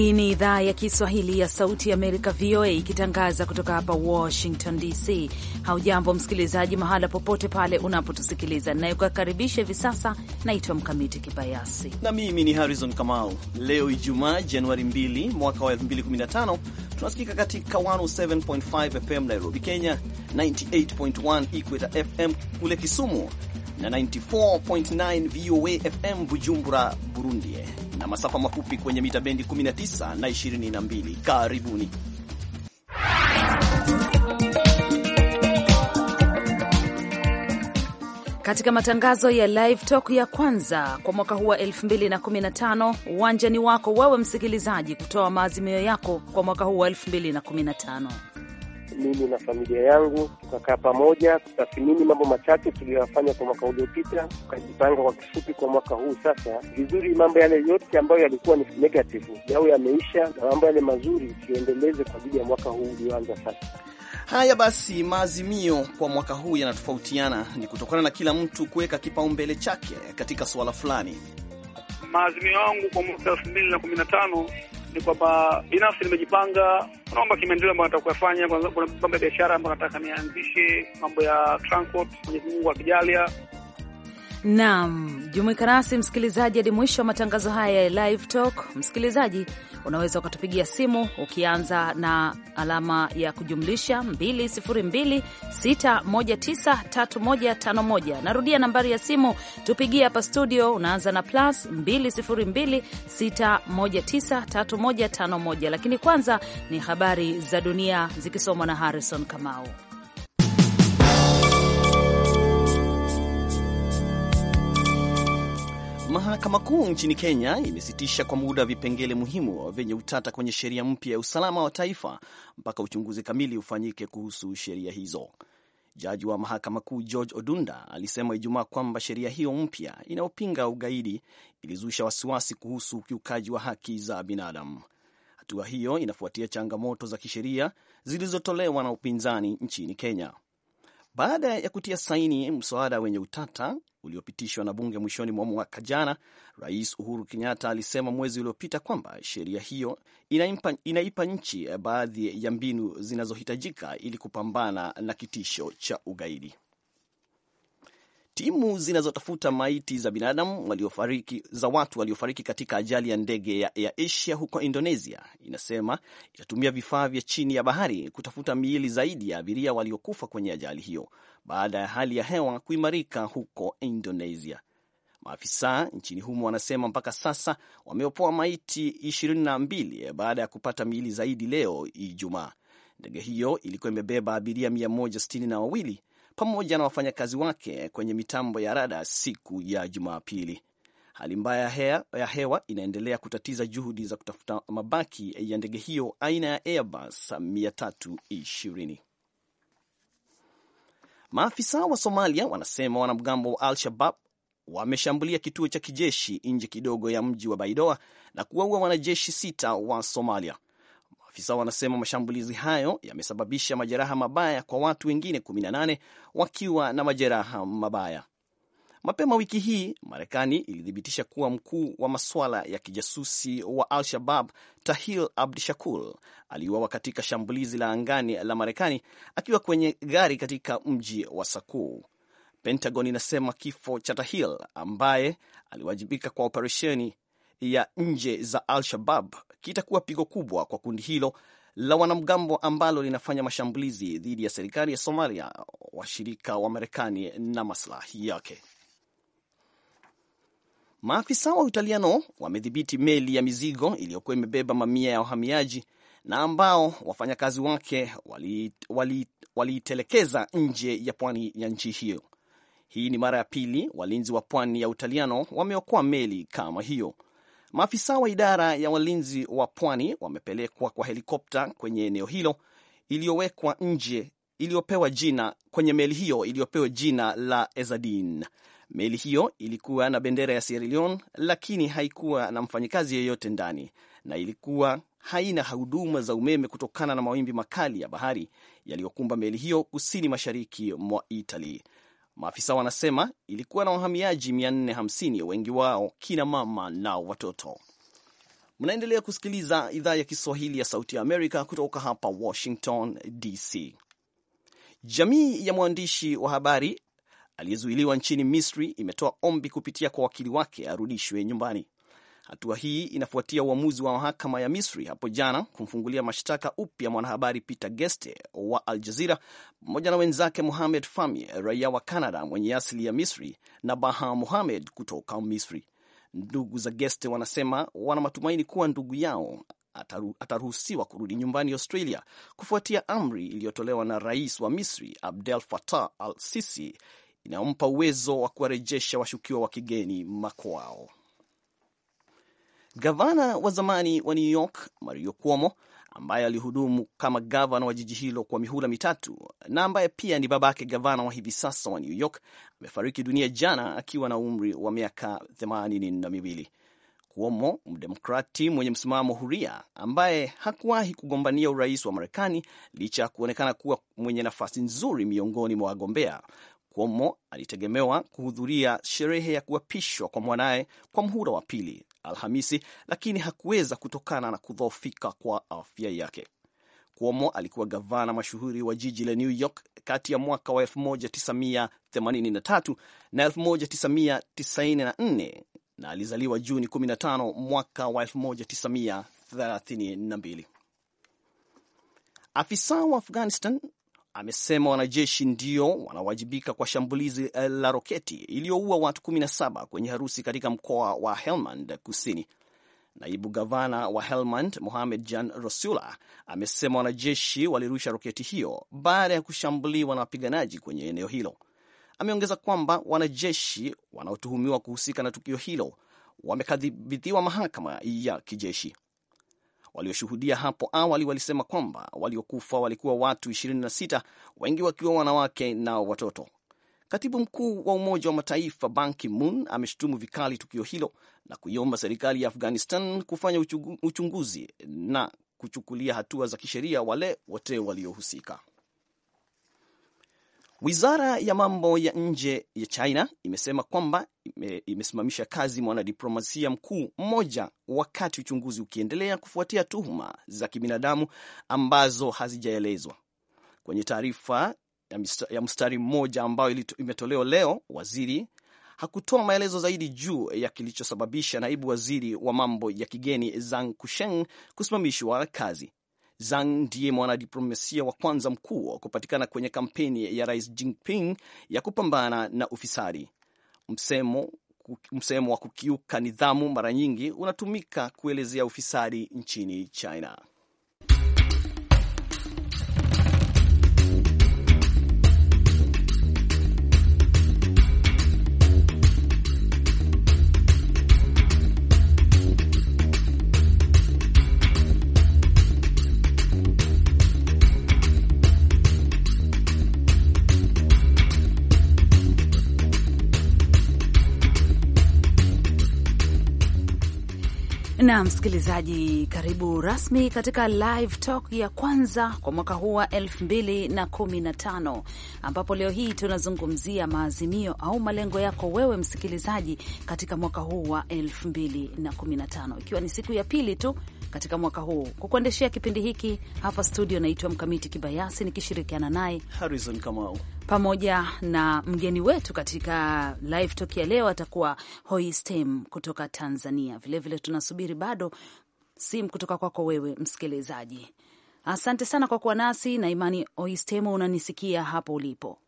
Hii ni idhaa ya Kiswahili ya Sauti ya Amerika, VOA, ikitangaza kutoka hapa Washington DC. Haujambo msikilizaji, mahala popote pale unapotusikiliza. Nayekukaribisha hivi sasa naitwa Mkamiti Kibayasi na mimi ni Harrison Kamau. Leo Ijumaa, Januari 2 mwaka wa 2015, tunasikika katika 107.5 FM Nairobi, Kenya, 98.1 Equator FM kule Kisumu na 94.9 VOA FM Bujumbura, Burundi na masafa mafupi kwenye mita bendi 19 na 22. Karibuni. Katika matangazo ya Live Talk ya kwanza kwa mwaka huu wa 2015 uwanja ni wako wewe msikilizaji, kutoa maazimio yako kwa mwaka huu wa 2015 mimi na familia yangu tukakaa pamoja, tutathimini mambo machache tuliyoyafanya kwa mwaka uliopita, tukajipanga kwa kifupi kwa mwaka huu sasa vizuri. Mambo yale yote ambayo yalikuwa ni negative yao yameisha, na mambo yale mazuri tuendeleze kwa ajili ya mwaka huu ulioanza sasa. Haya basi, maazimio kwa mwaka huu yanatofautiana, ni kutokana na kila mtu kuweka kipaumbele chake katika suala fulani. Maazimio yangu kwa mwaka elfu mbili na kumi na tano ni kwamba binafsi nimejipanga, kuna mambo ya kimaendeleo ambayo nataka kuyafanya. Kuna mambo ya biashara ambayo nataka nianzishe, mambo ya transport, Mwenyezi Mungu akijalia. Naam, jumuika nasi msikilizaji hadi mwisho wa matangazo haya ya Live Talk. Msikilizaji, Unaweza ukatupigia simu ukianza na alama ya kujumlisha 2026193151. Narudia nambari ya simu tupigie hapa studio, unaanza na plus 2026193151. Lakini kwanza ni habari za dunia zikisomwa na Harrison Kamau. Mahakama Kuu nchini Kenya imesitisha kwa muda vipengele muhimu vyenye utata kwenye sheria mpya ya usalama wa taifa mpaka uchunguzi kamili ufanyike kuhusu sheria hizo. Jaji wa Mahakama Kuu George Odunda alisema Ijumaa kwamba sheria hiyo mpya inayopinga ugaidi ilizusha wasiwasi kuhusu ukiukaji wa haki za binadamu. Hatua hiyo inafuatia changamoto za kisheria zilizotolewa na upinzani nchini Kenya baada ya kutia saini mswada wenye utata uliopitishwa na bunge mwishoni mwa mwaka jana. Rais Uhuru Kenyatta alisema mwezi uliopita kwamba sheria hiyo inaipa, inaipa nchi baadhi ya mbinu zinazohitajika ili kupambana na kitisho cha ugaidi timu zinazotafuta maiti za binadamu waliofariki, za watu waliofariki katika ajali ya ndege ya Air Asia huko Indonesia inasema itatumia vifaa vya chini ya bahari kutafuta miili zaidi ya abiria waliokufa kwenye ajali hiyo baada ya hali ya hewa kuimarika huko Indonesia. Maafisa nchini humo wanasema mpaka sasa wameopoa maiti 22 baada ya kupata miili zaidi leo Ijumaa. Ndege hiyo ilikuwa imebeba abiria 162 pamoja na wafanyakazi wake kwenye mitambo ya rada siku ya Jumapili. Hali mbaya ya hewa inaendelea kutatiza juhudi za kutafuta mabaki ya ndege hiyo aina ya Airbus 320. Maafisa wa Somalia wanasema wanamgambo wa Al-Shabab wameshambulia kituo cha kijeshi nje kidogo ya mji wa Baidoa na kuwaua wanajeshi sita wa Somalia. Maafisa wanasema mashambulizi hayo yamesababisha majeraha mabaya kwa watu wengine 18 wakiwa na majeraha mabaya. Mapema wiki hii Marekani ilithibitisha kuwa mkuu wa masuala ya kijasusi wa Al-Shabab Tahil Abdishakur aliuawa katika shambulizi la angani la Marekani akiwa kwenye gari katika mji wa sakuu Pentagon inasema kifo cha Tahil ambaye aliwajibika kwa operesheni ya nje za Al-Shabab kitakuwa pigo kubwa kwa kundi hilo la wanamgambo ambalo linafanya mashambulizi dhidi ya serikali ya Somalia, washirika wa Marekani na maslahi yake. Maafisa wa utaliano wamedhibiti meli ya mizigo iliyokuwa imebeba mamia ya wahamiaji na ambao wafanyakazi wake waliitelekeza wali, wali nje ya pwani ya nchi hiyo. Hii ni mara ya pili walinzi wa pwani ya Utaliano wameokoa meli kama hiyo. Maafisa wa idara ya walinzi wa pwani wamepelekwa kwa helikopta kwenye eneo hilo iliyowekwa nje iliyopewa jina kwenye meli hiyo iliyopewa jina la Ezadin. Meli hiyo ilikuwa na bendera ya Sierra Leone, lakini haikuwa na mfanyikazi yeyote ndani na ilikuwa haina huduma za umeme kutokana na mawimbi makali ya bahari yaliyokumba meli hiyo kusini mashariki mwa Italy. Maafisa wanasema ilikuwa na wahamiaji 450, wengi wao kina mama na watoto. Mnaendelea kusikiliza idhaa ya Kiswahili ya Sauti ya Amerika kutoka hapa Washington DC. Jamii ya mwandishi wa habari aliyezuiliwa nchini Misri imetoa ombi kupitia kwa wakili wake arudishwe nyumbani. Hatua hii inafuatia uamuzi wa mahakama ya Misri hapo jana kumfungulia mashtaka upya mwanahabari Peter Geste wa Al Jazira pamoja na wenzake Mohamed Fahmy, raia wa Canada mwenye asili ya Misri, na Baha Mohamed kutoka Misri. Ndugu za Geste wanasema wana matumaini kuwa ndugu yao ataruhusiwa kurudi nyumbani Australia kufuatia amri iliyotolewa na rais wa Misri Abdel Fattah al Sisi inayompa uwezo wa kuwarejesha washukiwa wa kigeni makwao. Gavana wa zamani wa New York Mario Cuomo, ambaye alihudumu kama gavana wa jiji hilo kwa mihula mitatu na ambaye pia ni babake gavana wa hivi sasa wa New York, amefariki dunia jana akiwa na umri wa miaka themanini na miwili. Cuomo, mdemokrati mwenye msimamo huria ambaye hakuwahi kugombania urais wa Marekani licha ya kuonekana kuwa mwenye nafasi nzuri miongoni mwa wagombea, Cuomo alitegemewa kuhudhuria sherehe ya kuapishwa kwa mwanaye kwa mhula wa pili Alhamisi, lakini hakuweza kutokana na kudhoofika kwa afya yake. Cuomo alikuwa gavana mashuhuri wa jiji la New York kati ya mwaka wa 1983 na 1994 na alizaliwa Juni 15 mwaka wa 1932. Afisa wa Afghanistan amesema wanajeshi ndio wanawajibika kwa shambulizi eh, la roketi iliyoua watu 17 kwenye harusi katika mkoa wa Helmand Kusini. Naibu gavana wa Helmand Mohamed Jan Rosula amesema wanajeshi walirusha roketi hiyo baada ya kushambuliwa na wapiganaji kwenye eneo hilo. Ameongeza kwamba wanajeshi wanaotuhumiwa kuhusika na tukio hilo wamekadhibithiwa mahakama ya kijeshi. Walioshuhudia hapo awali walisema kwamba waliokufa walikuwa watu 26, wengi wakiwa wanawake na watoto. Katibu mkuu wa Umoja wa Mataifa Ban Ki-moon ameshutumu vikali tukio hilo na kuiomba serikali ya Afghanistan kufanya uchunguzi na kuchukulia hatua za kisheria wale wote waliohusika. Wizara ya mambo ya nje ya China imesema kwamba imesimamisha kazi mwanadiplomasia mkuu mmoja wakati uchunguzi ukiendelea kufuatia tuhuma za kibinadamu ambazo hazijaelezwa. Kwenye taarifa ya mstari mmoja ambayo imetolewa leo, waziri hakutoa maelezo zaidi juu ya kilichosababisha naibu waziri wa mambo ya kigeni Zhang Kusheng kusimamishwa kazi. Zhang ndiye mwanadiplomasia wa kwanza mkuu wa kupatikana kwenye kampeni ya Rais Jinping ya kupambana na ufisadi. Msemo, msemo wa kukiuka nidhamu mara nyingi unatumika kuelezea ufisadi nchini China. na msikilizaji, karibu rasmi katika live talk ya kwanza kwa mwaka huu wa 2015 ambapo leo hii tunazungumzia maazimio au malengo yako wewe msikilizaji katika mwaka huu wa 2015 ikiwa ni siku ya pili tu katika mwaka huu. Kwa kuendeshea kipindi hiki hapa studio, naitwa Mkamiti Kibayasi nikishirikiana naye Harrison Kamau pamoja na mgeni wetu katika live talk ya leo atakuwa Hoistem kutoka Tanzania. Vilevile vile tunasubiri bado simu kutoka kwako wewe msikilizaji. Asante sana kwa kuwa nasi na imani. Oistemo, unanisikia hapo ulipo?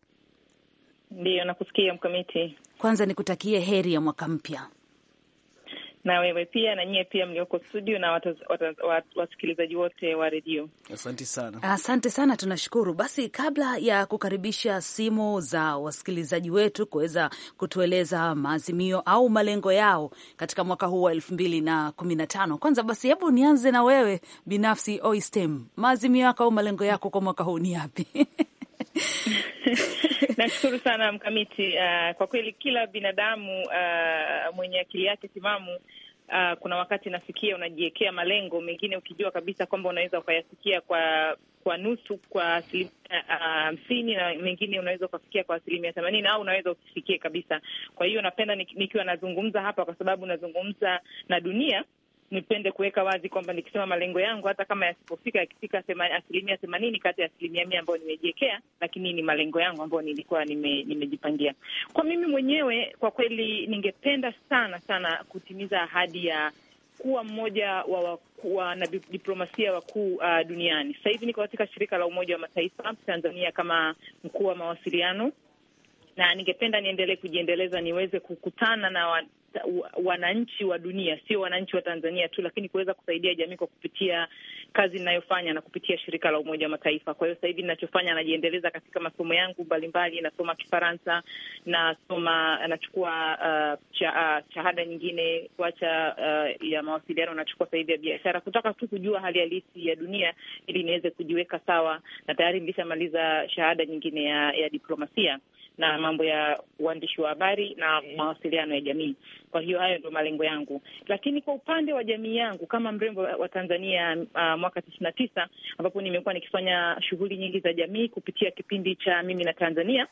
Ndiyo, nakusikia Mkamiti. Kwanza nikutakie heri ya mwaka mpya na wewe pia na nyie pia mlioko studio na wasikilizaji wote wa redio, asante sana, asante sana, tunashukuru. Basi, kabla ya kukaribisha simu za wasikilizaji wetu kuweza kutueleza maazimio au malengo yao katika mwaka huu wa elfu mbili na kumi na tano, kwanza basi, hebu nianze na wewe binafsi Oystem, maazimio yako au malengo yako kwa mwaka huu ni yapi? Nashukuru sana Mkamiti. Uh, kwa kweli kila binadamu uh, mwenye akili yake timamu uh, kuna wakati nafikia unajiwekea malengo mengine ukijua kabisa kwamba unaweza ukayafikia kwa kwa nusu kwa asilimia hamsini uh, na mengine unaweza ukafikia kwa asilimia themanini au unaweza usifikie kabisa. Kwa hiyo napenda nikiwa nazungumza hapa, kwa sababu nazungumza na dunia nipende kuweka wazi kwamba nikisema malengo yangu, hata kama yasipofika, yakifika asilimia themanini kati ya asilimia mia ambayo nimejiwekea, lakini ni malengo yangu ambayo nilikuwa nime, nimejipangia. Kwa mimi mwenyewe, kwa kweli, ningependa sana sana kutimiza ahadi ya kuwa mmoja wa wanadiplomasia wakuu uh, duniani. Sasa hivi niko katika shirika la Umoja wa Mataifa Tanzania kama mkuu wa mawasiliano na ningependa niendelee kujiendeleza niweze kukutana na wananchi wa dunia, sio wananchi wa Tanzania tu, lakini kuweza kusaidia jamii kwa kupitia kazi ninayofanya na kupitia shirika la Umoja wa Mataifa. Kwa hiyo sasa hivi ninachofanya, najiendeleza katika masomo yangu mbalimbali, nasoma Kifaransa, nasoma nachukua uh, cha, uh, shahada nyingine kuacha uh, ya mawasiliano, nachukua sasa hivi ya biashara, kutaka tu kujua hali halisi ya dunia ili niweze kujiweka sawa, na tayari nilishamaliza shahada nyingine ya, ya diplomasia na mambo ya uandishi wa habari na mawasiliano ya jamii. Kwa hiyo hayo ndio malengo yangu, lakini kwa upande wa jamii yangu kama mrembo wa Tanzania uh, mwaka tisini na tisa ambapo nimekuwa nikifanya shughuli nyingi za jamii kupitia kipindi cha mimi na Tanzania.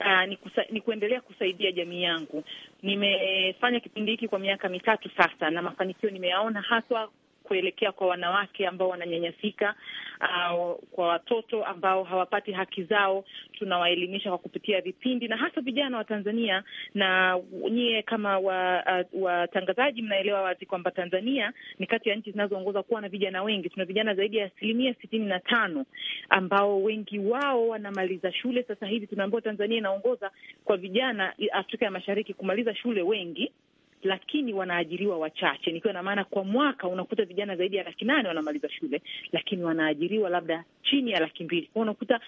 Uh, ni, kusa, ni kuendelea kusaidia jamii yangu. Nimefanya kipindi hiki kwa miaka mitatu sasa, na mafanikio nimeyaona haswa kuelekea kwa wanawake ambao wananyanyasika, uh, kwa watoto ambao hawapati haki zao. Tunawaelimisha kwa kupitia vipindi na hasa vijana wa Tanzania, na nyie kama uh, watangazaji wa mnaelewa wazi kwamba Tanzania ni kati ya nchi zinazoongoza kuwa na vijana wengi. Tuna vijana zaidi ya asilimia sitini na tano ambao wengi wao wanamaliza shule. Sasa hivi tunaambiwa Tanzania inaongoza kwa vijana Afrika ya Mashariki kumaliza shule wengi lakini wanaajiriwa wachache, nikiwa na maana kwa mwaka unakuta vijana zaidi ya laki nane wanamaliza shule, lakini wanaajiriwa labda chini ya laki mbili kwao, unakuta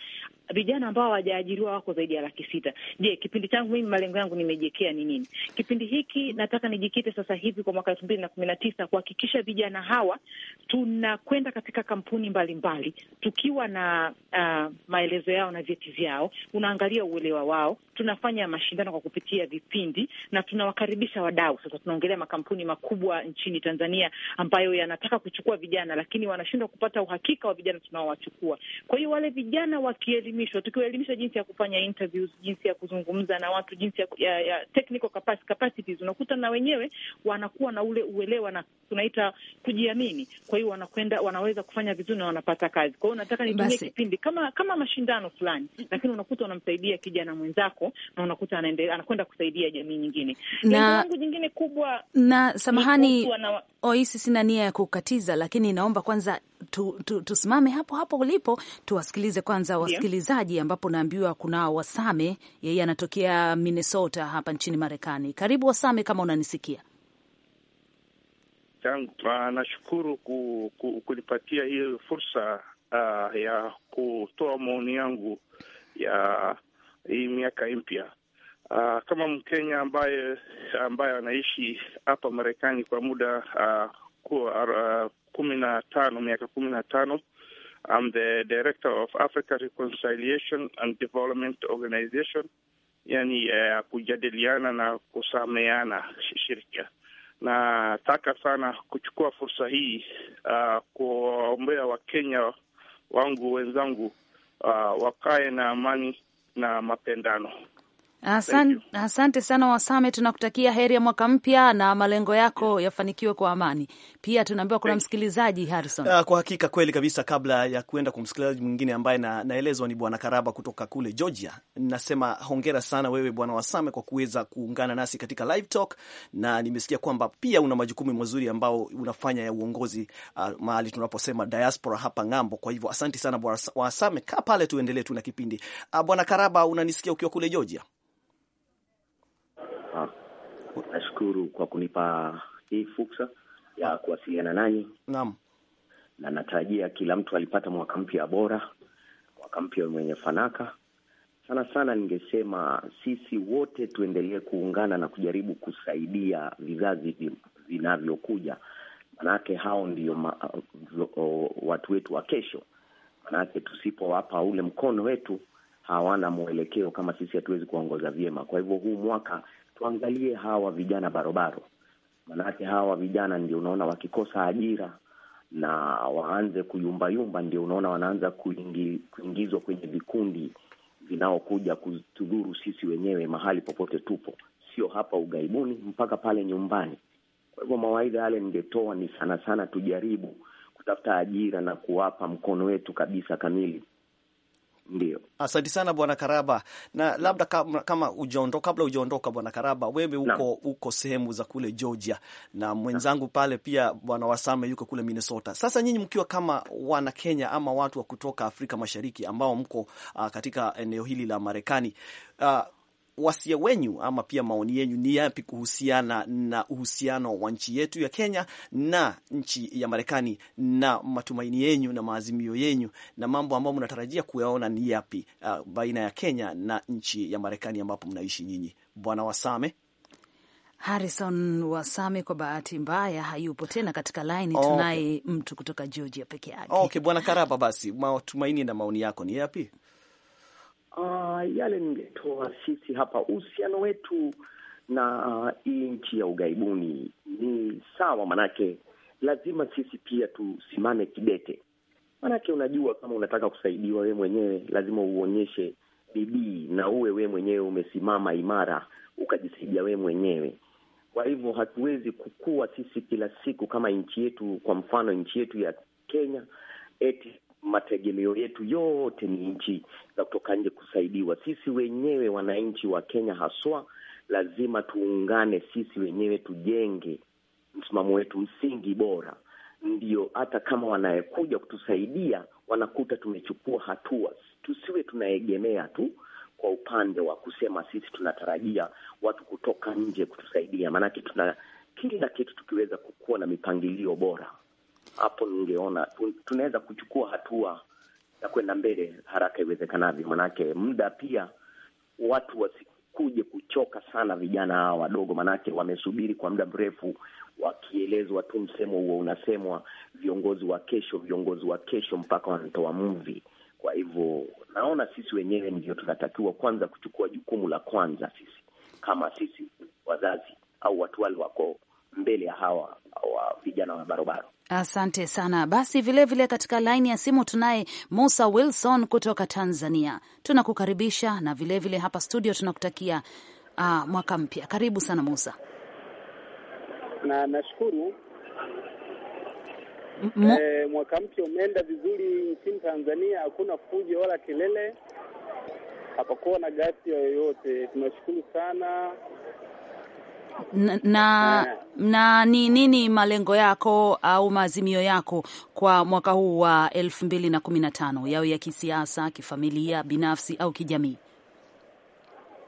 vijana ambao hawajaajiriwa wako zaidi ya laki sita. Je, kipindi changu mimi, malengo yangu nimejekea ni nini? Kipindi hiki nataka nijikite sasa hivi kwa mwaka elfu mbili na kumi na tisa kuhakikisha vijana hawa tunakwenda katika kampuni mbalimbali mbali, tukiwa na uh, maelezo yao na vyeti vyao, unaangalia uelewa wao, tunafanya mashindano kwa kupitia vipindi na tunawakaribisha wadau sasa tunaongelea makampuni makubwa nchini Tanzania ambayo yanataka kuchukua vijana, lakini wanashindwa kupata uhakika wa vijana tunaowachukua. Kwa hiyo wale vijana wakielimishwa, tukiwaelimisha jinsi ya kufanya interviews, jinsi ya kuzungumza na watu, jinsi ya, ya, ya technical capacity, capacities, unakuta na wenyewe wanakuwa na ule uelewa na tunaita kujiamini. Kwa hiyo wanakwenda, wanaweza kufanya vizuri na wanapata kazi. Kwa hiyo nataka nitumie kipindi kama kama mashindano fulani, lakini unakuta unamsaidia kijana mwenzako na unakuta anaende, anakwenda kusaidia jamii nyingine. Lengo langu jingine kubwa. Na samahani na... Oisi, sina nia ya kukatiza, lakini naomba kwanza tu, tu, tusimame hapo hapo ulipo tuwasikilize kwanza wasikilizaji, ambapo naambiwa kuna Wasame, yeye anatokea Minnesota hapa nchini Marekani. Karibu Wasame, kama unanisikia. Ah, nashukuru ku, ku, kunipatia hiyo fursa uh, ya kutoa maoni yangu ya hii miaka mpya Uh, kama Mkenya ambaye ambaye anaishi hapa Marekani kwa muda uh, uh, kumi na tano miaka kumi na tano I'm the director of Africa Reconciliation and Development Organization, yani uh, kujadiliana na kusameana shirika. Nataka sana kuchukua fursa hii uh, kuwaombea Wakenya wangu wenzangu uh, wakae na amani na mapendano. Asante, asante sana Wasame, tunakutakia heri ya mwaka mpya na malengo yako yafanikiwe kwa amani. Pia tunaambiwa kuna msikilizaji Harrison. Ah, kwa hakika kweli kabisa. Kabla ya kuenda kwa msikilizaji mwingine ambaye na, naelezwa ni Bwana Karaba kutoka kule Georgia, nasema hongera sana wewe Bwana Wasame kwa kuweza kuungana nasi katika live talk, na nimesikia kwamba pia una majukumu mazuri ambao unafanya ya uongozi uh, mahali tunaposema diaspora hapa ng'ambo. Kwa hivyo asante sana Bwana Wasame, kaa pale tuendelee tu na kipindi. Uh, Bwana Karaba, unanisikia ukiwa kule Georgia? Nashukuru kwa kunipa hii fursa ya kuwasiliana nanyi. Naam, na natarajia kila mtu alipata mwaka mpya bora, mwaka mpya mwenye fanaka. Sana sana ningesema sisi wote tuendelee kuungana na kujaribu kusaidia vizazi vinavyokuja, manake hao ndio ma, watu wetu wa kesho. Manake tusipowapa ule mkono wetu hawana mwelekeo, kama sisi hatuwezi kuongoza vyema. Kwa hivyo huu mwaka tuangalie hawa vijana barobaro, maanake hawa vijana ndio unaona wakikosa ajira na waanze kuyumbayumba, ndio unaona wanaanza kuingi, kuingizwa kwenye vikundi vinaokuja kutudhuru sisi wenyewe mahali popote tupo, sio hapa ughaibuni, mpaka pale nyumbani. Kwa hivyo mawaidha yale ningetoa ni sana sana tujaribu kutafuta ajira na kuwapa mkono wetu kabisa kamili ndio, asante sana Bwana Karaba. Na labda kama ujaondoka, kabla ujaondoka Bwana Karaba, wewe uko uko sehemu za kule Georgia na mwenzangu pale pia Bwana Wasame yuko kule Minnesota. Sasa nyinyi mkiwa kama wana Kenya ama watu wa kutoka Afrika Mashariki ambao mko uh, katika eneo hili la Marekani uh, wasia wenyu ama pia maoni yenyu ni yapi kuhusiana na uhusiano wa nchi yetu ya Kenya na nchi ya Marekani, na matumaini yenyu na maazimio yenyu na mambo ambayo mnatarajia kuyaona ni yapi, uh, baina ya Kenya na nchi ya Marekani ambapo mnaishi nyinyi. Bwana Wasame Harrison Wasame kwa bahati mbaya hayupo tena katika laini. Oh, Tunaye mtu kutoka Georgia peke yake. Okay, Bwana Karaba, basi matumaini na maoni yako ni yapi? uh, yale ningetoa sisi hapa, uhusiano wetu na uh, hii nchi ya ughaibuni ni sawa, manake lazima sisi pia tusimame kidete, manake unajua, kama unataka kusaidiwa we mwenyewe lazima uonyeshe bidii na uwe we mwenyewe umesimama imara, ukajisaidia we mwenyewe. Kwa hivyo hatuwezi kukua sisi kila siku kama nchi yetu, kwa mfano nchi yetu ya Kenya eti mategemeo yetu yote ni nchi za kutoka nje kusaidiwa. Sisi wenyewe wananchi wa Kenya haswa lazima tuungane sisi wenyewe, tujenge msimamo wetu msingi bora, ndio hata kama wanayekuja kutusaidia wanakuta tumechukua hatua. Tusiwe tunaegemea tu kwa upande wa kusema sisi tunatarajia watu kutoka nje kutusaidia, maanake tuna kila kitu. Tukiweza kukuwa na mipangilio bora hapo ningeona tunaweza kuchukua hatua ya kwenda mbele haraka iwezekanavyo, manake muda pia watu wasikuje kuchoka sana, vijana hawa wadogo, manake wamesubiri kwa muda mrefu wakielezwa tu, msemo huo unasemwa, viongozi wa kesho, viongozi wa kesho, mpaka wanatoa mvi. Kwa hivyo naona sisi wenyewe ndio tunatakiwa kwanza kuchukua jukumu la kwanza, sisi kama sisi wazazi au watu wale wako mbele ya hawa wa vijana wa barobaro. Asante sana. Basi vilevile vile katika laini ya simu tunaye Musa Wilson kutoka Tanzania, tunakukaribisha na vilevile vile hapa studio tunakutakia uh, mwaka mpya. Karibu sana Musa. Na nashukuru e, mwaka mpya umeenda vizuri nchini Tanzania, hakuna fujo wala kelele, hapakuwa na ghasia yoyote. Tunashukuru sana na, na, ni nini malengo yako au maazimio yako kwa mwaka huu wa elfu mbili na kumi na tano yawe ya kisiasa, kifamilia, binafsi au kijamii?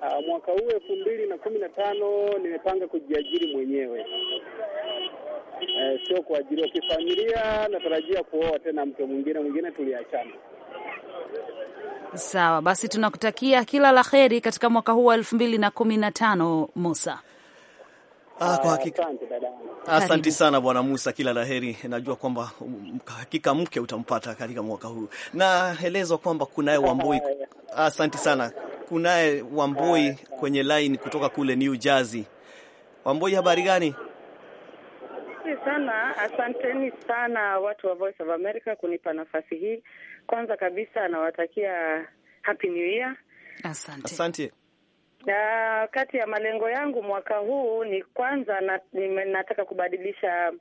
Uh, mwaka huu elfu mbili na kumi na tano nimepanga kujiajiri mwenyewe, eh, sio kuajiriwa. Kifamilia natarajia kuoa tena mtu mwingine mwingine, tuliachana. Sawa basi, tunakutakia kila la heri katika mwaka huu wa elfu mbili na kumi na tano Musa. Ah, kwa hakika. Asante Asante sana Bwana Musa, kila la heri. Najua kwamba hakika mke utampata katika mwaka huu. Naelezwa kwamba kunaye Wamboi. Asante sana. Kunaye Wamboi kwenye line kutoka kule New Jersey. Wamboi, habari gani? sana asanteni sana watu wa Voice of America kunipa nafasi hii. Kwanza kabisa nawatakia happy new year. Asante, asante. Na kati ya malengo yangu mwaka huu ni kwanza na, ni, nataka kubadilisha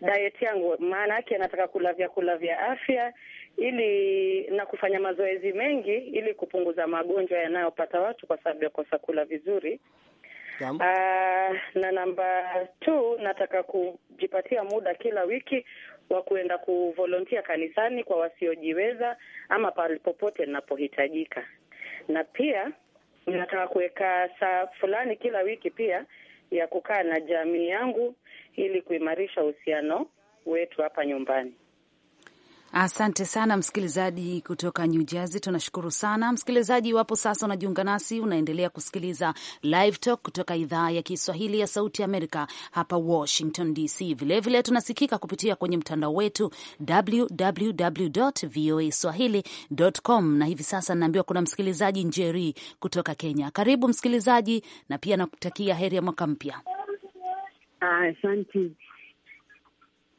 diet yangu, maana yake nataka kula vyakula vya afya ili na kufanya mazoezi mengi ili kupunguza magonjwa yanayopata watu kwa sababu ya kosa kula vizuri. Uh, na namba two nataka kujipatia muda kila wiki wa kuenda kuvolontia kanisani kwa wasiojiweza ama pale popote ninapohitajika, na pia Nataka kuweka saa fulani kila wiki pia ya kukaa na jamii yangu ili kuimarisha uhusiano wetu hapa nyumbani. Asante sana msikilizaji kutoka New Jersey, tunashukuru sana msikilizaji. Iwapo sasa unajiunga nasi, unaendelea kusikiliza Live Talk kutoka idhaa ya Kiswahili ya Sauti ya Amerika hapa Washington DC. Vilevile tunasikika kupitia kwenye mtandao wetu www voa swahili.com, na hivi sasa naambiwa kuna msikilizaji Njeri kutoka Kenya. Karibu msikilizaji, na pia nakutakia heri ya mwaka mpya. Asante.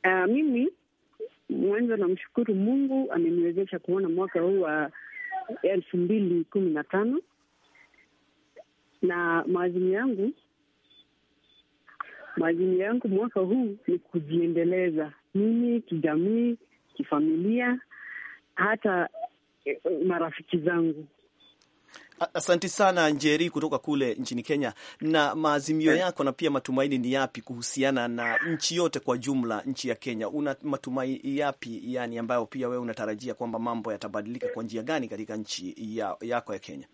Uh, mimi mwanzo namshukuru Mungu ameniwezesha kuona mwaka huu wa elfu mbili kumi na tano na maazimio yangu maazimio yangu mwaka huu ni kujiendeleza mimi kijamii, kifamilia, hata eh, marafiki zangu. Asanti sana Njeri kutoka kule nchini Kenya. Na maazimio eh. yako na pia matumaini ni yapi kuhusiana na nchi yote kwa jumla, nchi ya Kenya? Una matumaini yapi, yani ambayo pia wewe unatarajia kwamba mambo yatabadilika kwa njia gani katika nchi ya, yako ya Kenya?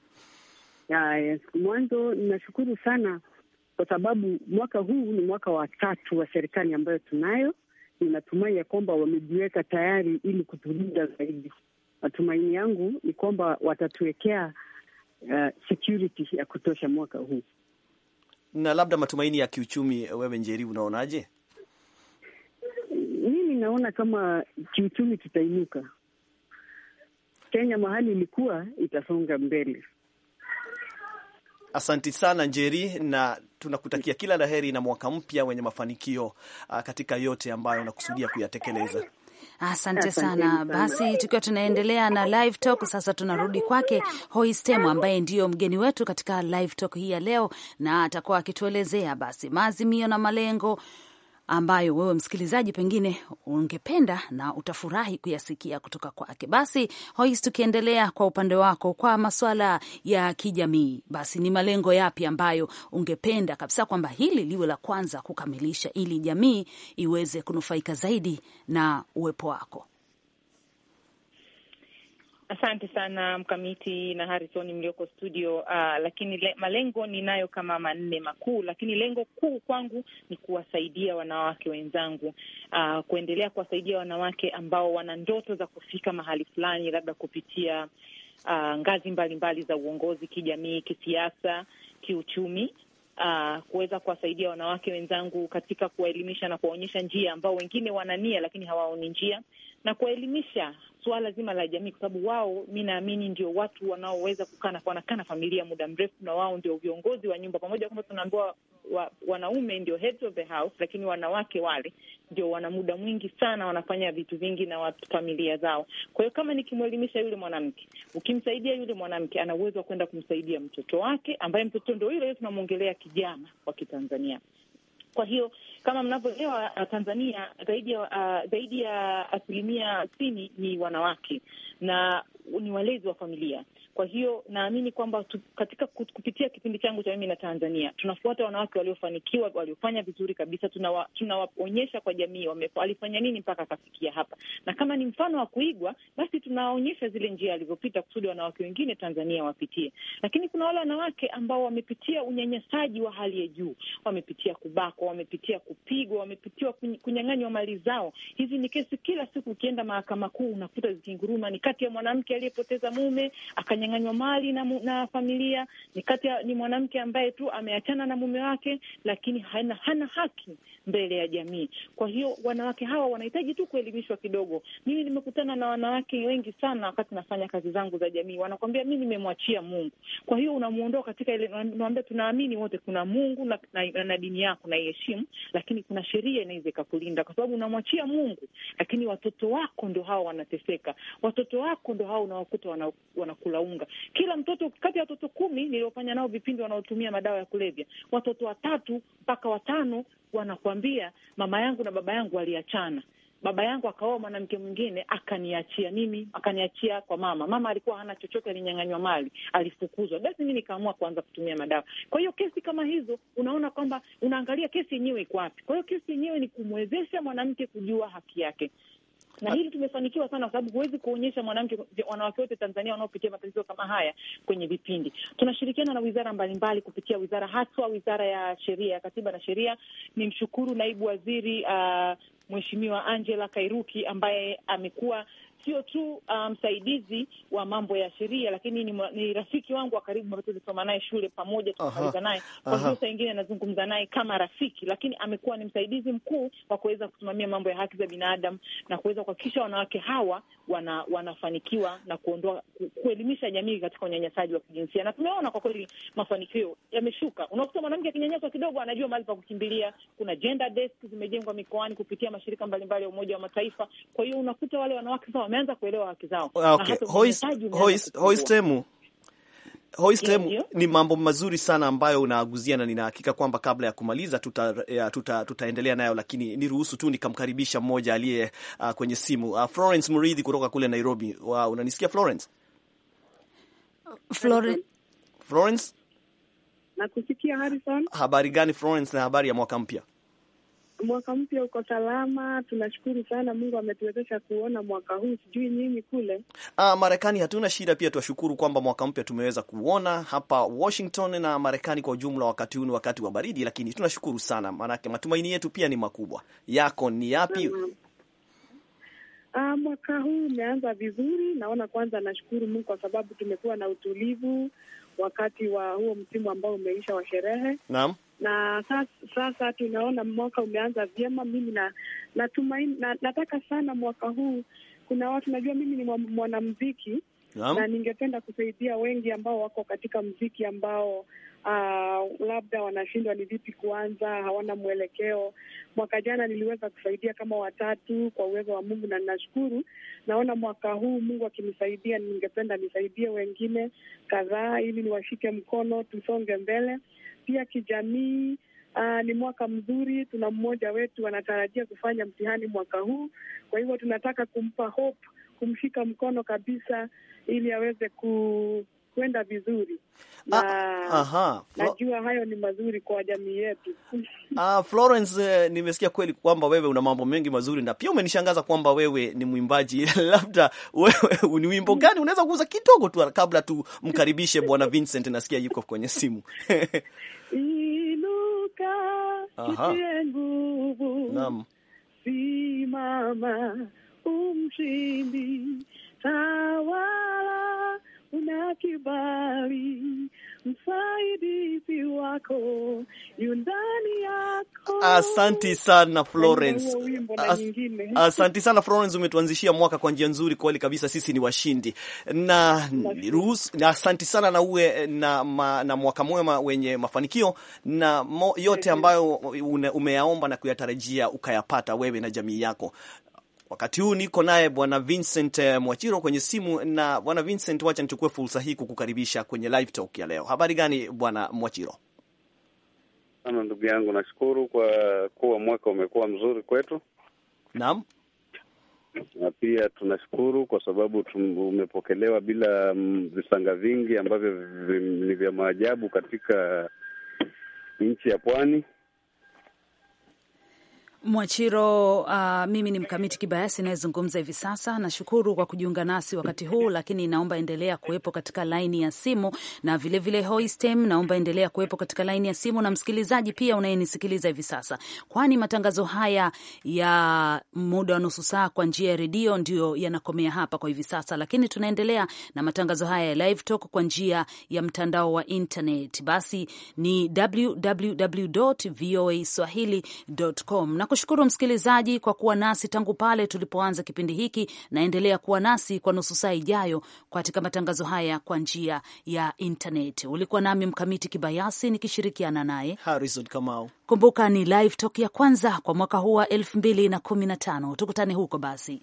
Yes, mwanzo ninashukuru sana kwa sababu mwaka huu ni mwaka wa tatu wa serikali ambayo tunayo. Ninatumai ya kwamba wamejiweka tayari ili kutulinda zaidi. Matumaini yangu ni kwamba watatuwekea uh, security ya kutosha mwaka huu, na labda matumaini ya kiuchumi. Eh, wewe Njeri, unaonaje? Mimi naona kama kiuchumi tutainuka. Kenya mahali ilikuwa itasonga mbele. Asanti sana Njeri, na tunakutakia kila la heri na mwaka mpya wenye mafanikio ah, katika yote ambayo unakusudia kuyatekeleza. Asante, sana. Sana basi, tukiwa tunaendelea na live talk sasa, tunarudi kwake Hoistemo ambaye ndiyo mgeni wetu katika live talk hii ya leo, na atakuwa akituelezea basi maazimio na malengo ambayo wewe msikilizaji pengine ungependa na utafurahi kuyasikia kutoka kwake. Basi Hois, tukiendelea kwa upande wako kwa masuala ya kijamii, basi ni malengo yapi ambayo ungependa kabisa kwamba hili liwe la kwanza kukamilisha ili jamii iweze kunufaika zaidi na uwepo wako? Asante sana Mkamiti na harison mlioko studio. Uh, lakini le, malengo ninayo kama manne makuu, lakini lengo kuu kwangu ni kuwasaidia wanawake wenzangu, uh, kuendelea kuwasaidia wanawake ambao wana ndoto za kufika mahali fulani, labda kupitia uh, ngazi mbalimbali mbali za uongozi, kijamii, kisiasa, kiuchumi Uh, kuweza kuwasaidia wanawake wenzangu katika kuwaelimisha na kuwaonyesha njia ambao wengine wanania lakini hawaoni njia, na kuwaelimisha suala zima la jamii, kwa sababu wao, mi naamini ndio watu wanaoweza kukaa wanakaa na familia muda mrefu, na wao ndio viongozi wa nyumba, pamoja kwamba tunaambiwa wa, wanaume ndio heads of the house, lakini wanawake wale ndio wana muda mwingi sana, wanafanya vitu vingi na watu familia zao. Kwa hiyo kama nikimwelimisha yule mwanamke, ukimsaidia yule mwanamke, ana uwezo wa kwenda kumsaidia mtoto wake, ambaye mtoto ndo yule yule tunamwongelea kijana wa Kitanzania, kwa hiyo kama mnavyoelewa, uh, Tanzania zaidi ya uh, zaidi ya asilimia sitini ni wanawake na ni walezi wa familia. Kwa hiyo naamini kwamba katika kupitia kipindi changu cha mimi na Tanzania, tunafuata wanawake waliofanikiwa, waliofanya vizuri kabisa, tunawaonyesha tuna kwa jamii alifanya nini mpaka akafikia hapa, na kama ni mfano wa kuigwa, basi tunawaonyesha zile njia alizopita kusudi wanawake wengine Tanzania wapitie. Lakini kuna wale wanawake ambao wamepitia unyanyasaji wa hali ya juu, wamepitia kubakwa, wamepitia kupigwa, wamepitia kunyang'anywa mali zao. Hizi ni kesi kila siku, ukienda mahakama kuu unakuta zikinguruma, ni kati ya mwanamke aliyepoteza mume akanya kunyang'anywa mali na, na familia ni kati ya, ni mwanamke ambaye tu ameachana na mume wake, lakini hana, hana haki mbele ya jamii. Kwa hiyo wanawake hawa wanahitaji tu kuelimishwa kidogo. Mimi nimekutana na wanawake wengi sana wakati nafanya kazi zangu za jamii, wanakwambia mi nimemwachia Mungu. Kwa hiyo unamuondoa katika ile, nawambia tunaamini wote kuna Mungu na, na, na na dini yako naiheshimu, lakini kuna sheria inaweza ikakulinda, kwa sababu unamwachia Mungu, lakini watoto wako ndo hawa wanateseka, watoto wako ndo hawa unawakuta wanakulaumu unga. Kila mtoto kati ya watoto kumi niliofanya nao vipindi wanaotumia madawa ya kulevya, watoto watatu mpaka watano wanakwambia mama yangu na baba yangu waliachana baba yangu akaoa mwanamke mwingine akaniachia mimi, akaniachia kwa mama. Mama alikuwa hana chochote, alinyang'anywa mali, alifukuzwa. Basi mi nikaamua kuanza kutumia madawa. Kwa hiyo kesi kama hizo, unaona kwamba unaangalia kesi yenyewe iko wapi. Kwa hiyo kesi yenyewe ni kumwezesha mwanamke kujua haki yake, na hili tumefanikiwa sana, kwa sababu huwezi kuonyesha mwanamke, wanawake wote Tanzania wanaopitia matatizo kama haya kwenye vipindi. Tunashirikiana na wizara mbalimbali kupitia wizara, haswa wizara ya sheria, ya katiba na sheria. Ni mshukuru naibu waziri uh, Mheshimiwa Angela Kairuki ambaye amekuwa sio tu um, msaidizi um, wa mambo ya sheria, lakini ni, ni rafiki wangu wa karibu ambaye tulisoma naye shule pamoja, tukafika naye kwa hiyo saa ingine anazungumza naye kama rafiki, lakini amekuwa ni msaidizi mkuu wa kuweza kusimamia mambo ya haki za binadamu na kuweza kuhakikisha wanawake hawa wana, wanafanikiwa na kuondoa kuelimisha jamii katika unyanyasaji wa kijinsia, na tumeona kwa kweli mafanikio yameshuka. Unakuta mwanamke akinyanyaswa kidogo anajua mahali pa kukimbilia. Kuna gender desk zimejengwa mikoani kupitia mashirika mbalimbali ya Umoja wa Mataifa. Kwa hiyo unakuta wale wanawake sasa wameanza kuelewa haki zao. Ah, okay. Hoistemu Hoistemu yeah, ni mambo mazuri sana ambayo unaaguzia na ninahakika kwamba kabla ya kumaliza tutaendelea tuta, tutaendelea nayo, lakini niruhusu tu nikamkaribisha mmoja aliye uh, kwenye simu uh, Florence Muridhi kutoka kule Nairobi. Wow, unanisikia Florence? Florence, Florence? kusikia Harrison. Habari gani Florence, na habari ya mwaka mpya? mwaka mpya uko salama, tunashukuru sana, Mungu ametuwezesha kuona mwaka huu. Sijui nyinyi kule ah, Marekani hatuna shida, pia twashukuru kwamba mwaka mpya tumeweza kuona hapa Washington na Marekani kwa ujumla. Wakati huu ni wakati wa baridi, lakini tunashukuru sana, maanake matumaini yetu pia ni makubwa. Yako ni yapi? Mm-hmm. Ah, mwaka huu umeanza vizuri, naona kwanza, nashukuru Mungu kwa sababu tumekuwa na utulivu wakati wa huo msimu ambao umeisha wa sherehe. Naam na sasa, sasa tunaona mwaka umeanza vyema. Mimi na, natumaini na, nataka sana mwaka huu, kuna watu najua mimi ni mwanamziki na ningependa kusaidia wengi ambao wako katika mziki ambao Uh, labda wanashindwa ni vipi kuanza, hawana mwelekeo. Mwaka jana niliweza kusaidia kama watatu kwa uwezo wa Mungu na ninashukuru. Naona mwaka huu Mungu akinisaidia, ningependa nisaidie wengine kadhaa, ili niwashike mkono, tusonge mbele pia kijamii Aa, ah, ni mwaka mzuri. Tuna mmoja wetu anatarajia kufanya mtihani mwaka huu, kwa hivyo tunataka kumpa hope, kumshika mkono kabisa ili aweze ku kwenda vizuri ah, na, aha, najua hayo ni mazuri kwa jamii yetu. Ah, Florence eh, nimesikia kweli kwamba wewe una mambo mengi mazuri na pia umenishangaza kwamba wewe ni mwimbaji labda wewe ni wimbo mm. gani unaweza kuuza kidogo tu kabla tumkaribishe Bwana Vincent, nasikia yuko kwenye simu Inuka kitie nguvu, naam, simama umshindi, tawala, una kibali msaidizi wako yu ndani yako. Asanti sana Florence, As, asanti sana Florence, umetuanzishia mwaka kwa njia nzuri. Kweli kabisa, sisi ni washindi na na asanti sana na uwe na, ma, na mwaka mwema wenye mafanikio na mo, yote ambayo umeyaomba na kuyatarajia ukayapata wewe na jamii yako. Wakati huu niko naye bwana Vincent eh, Mwachiro kwenye simu. Na bwana Vincent, wacha nichukue fursa hii kukukaribisha kwenye live talk ya leo. Habari gani bwana Mwachiro? Sana ndugu yangu, nashukuru kwa kuwa mwaka umekuwa mzuri kwetu. Naam, na pia tunashukuru kwa sababu umepokelewa bila mm, visanga vingi ambavyo ni vya maajabu katika nchi ya pwani. Mwachiro, uh, mimi ni Mkamiti Kibayasi inayezungumza hivi sasa. Nashukuru kwa kujiunga nasi wakati huu, lakini naomba endelea kuwepo katika laini ya simu na vilevile Hoistem, naomba endelea kuwepo katika laini ya simu na msikilizaji pia unayenisikiliza hivi sasa, kwani matangazo haya ya muda wa nusu saa kwa njia ya redio ndio yanakomea hapa kwa hivi sasa, lakini tunaendelea na matangazo haya ya live talk kwa njia ya mtandao wa internet. Basi ni www swahili.com Ninakushukuru msikilizaji kwa kuwa nasi tangu pale tulipoanza kipindi hiki, naendelea kuwa nasi kwa nusu saa ijayo katika matangazo haya kwa njia ya intaneti. Ulikuwa nami Mkamiti Kibayasi nikishirikiana naye Harrison Kamau. Kumbuka ni live talk ya kwanza kwa mwaka huu wa elfu mbili na kumi na tano. Tukutane huko basi.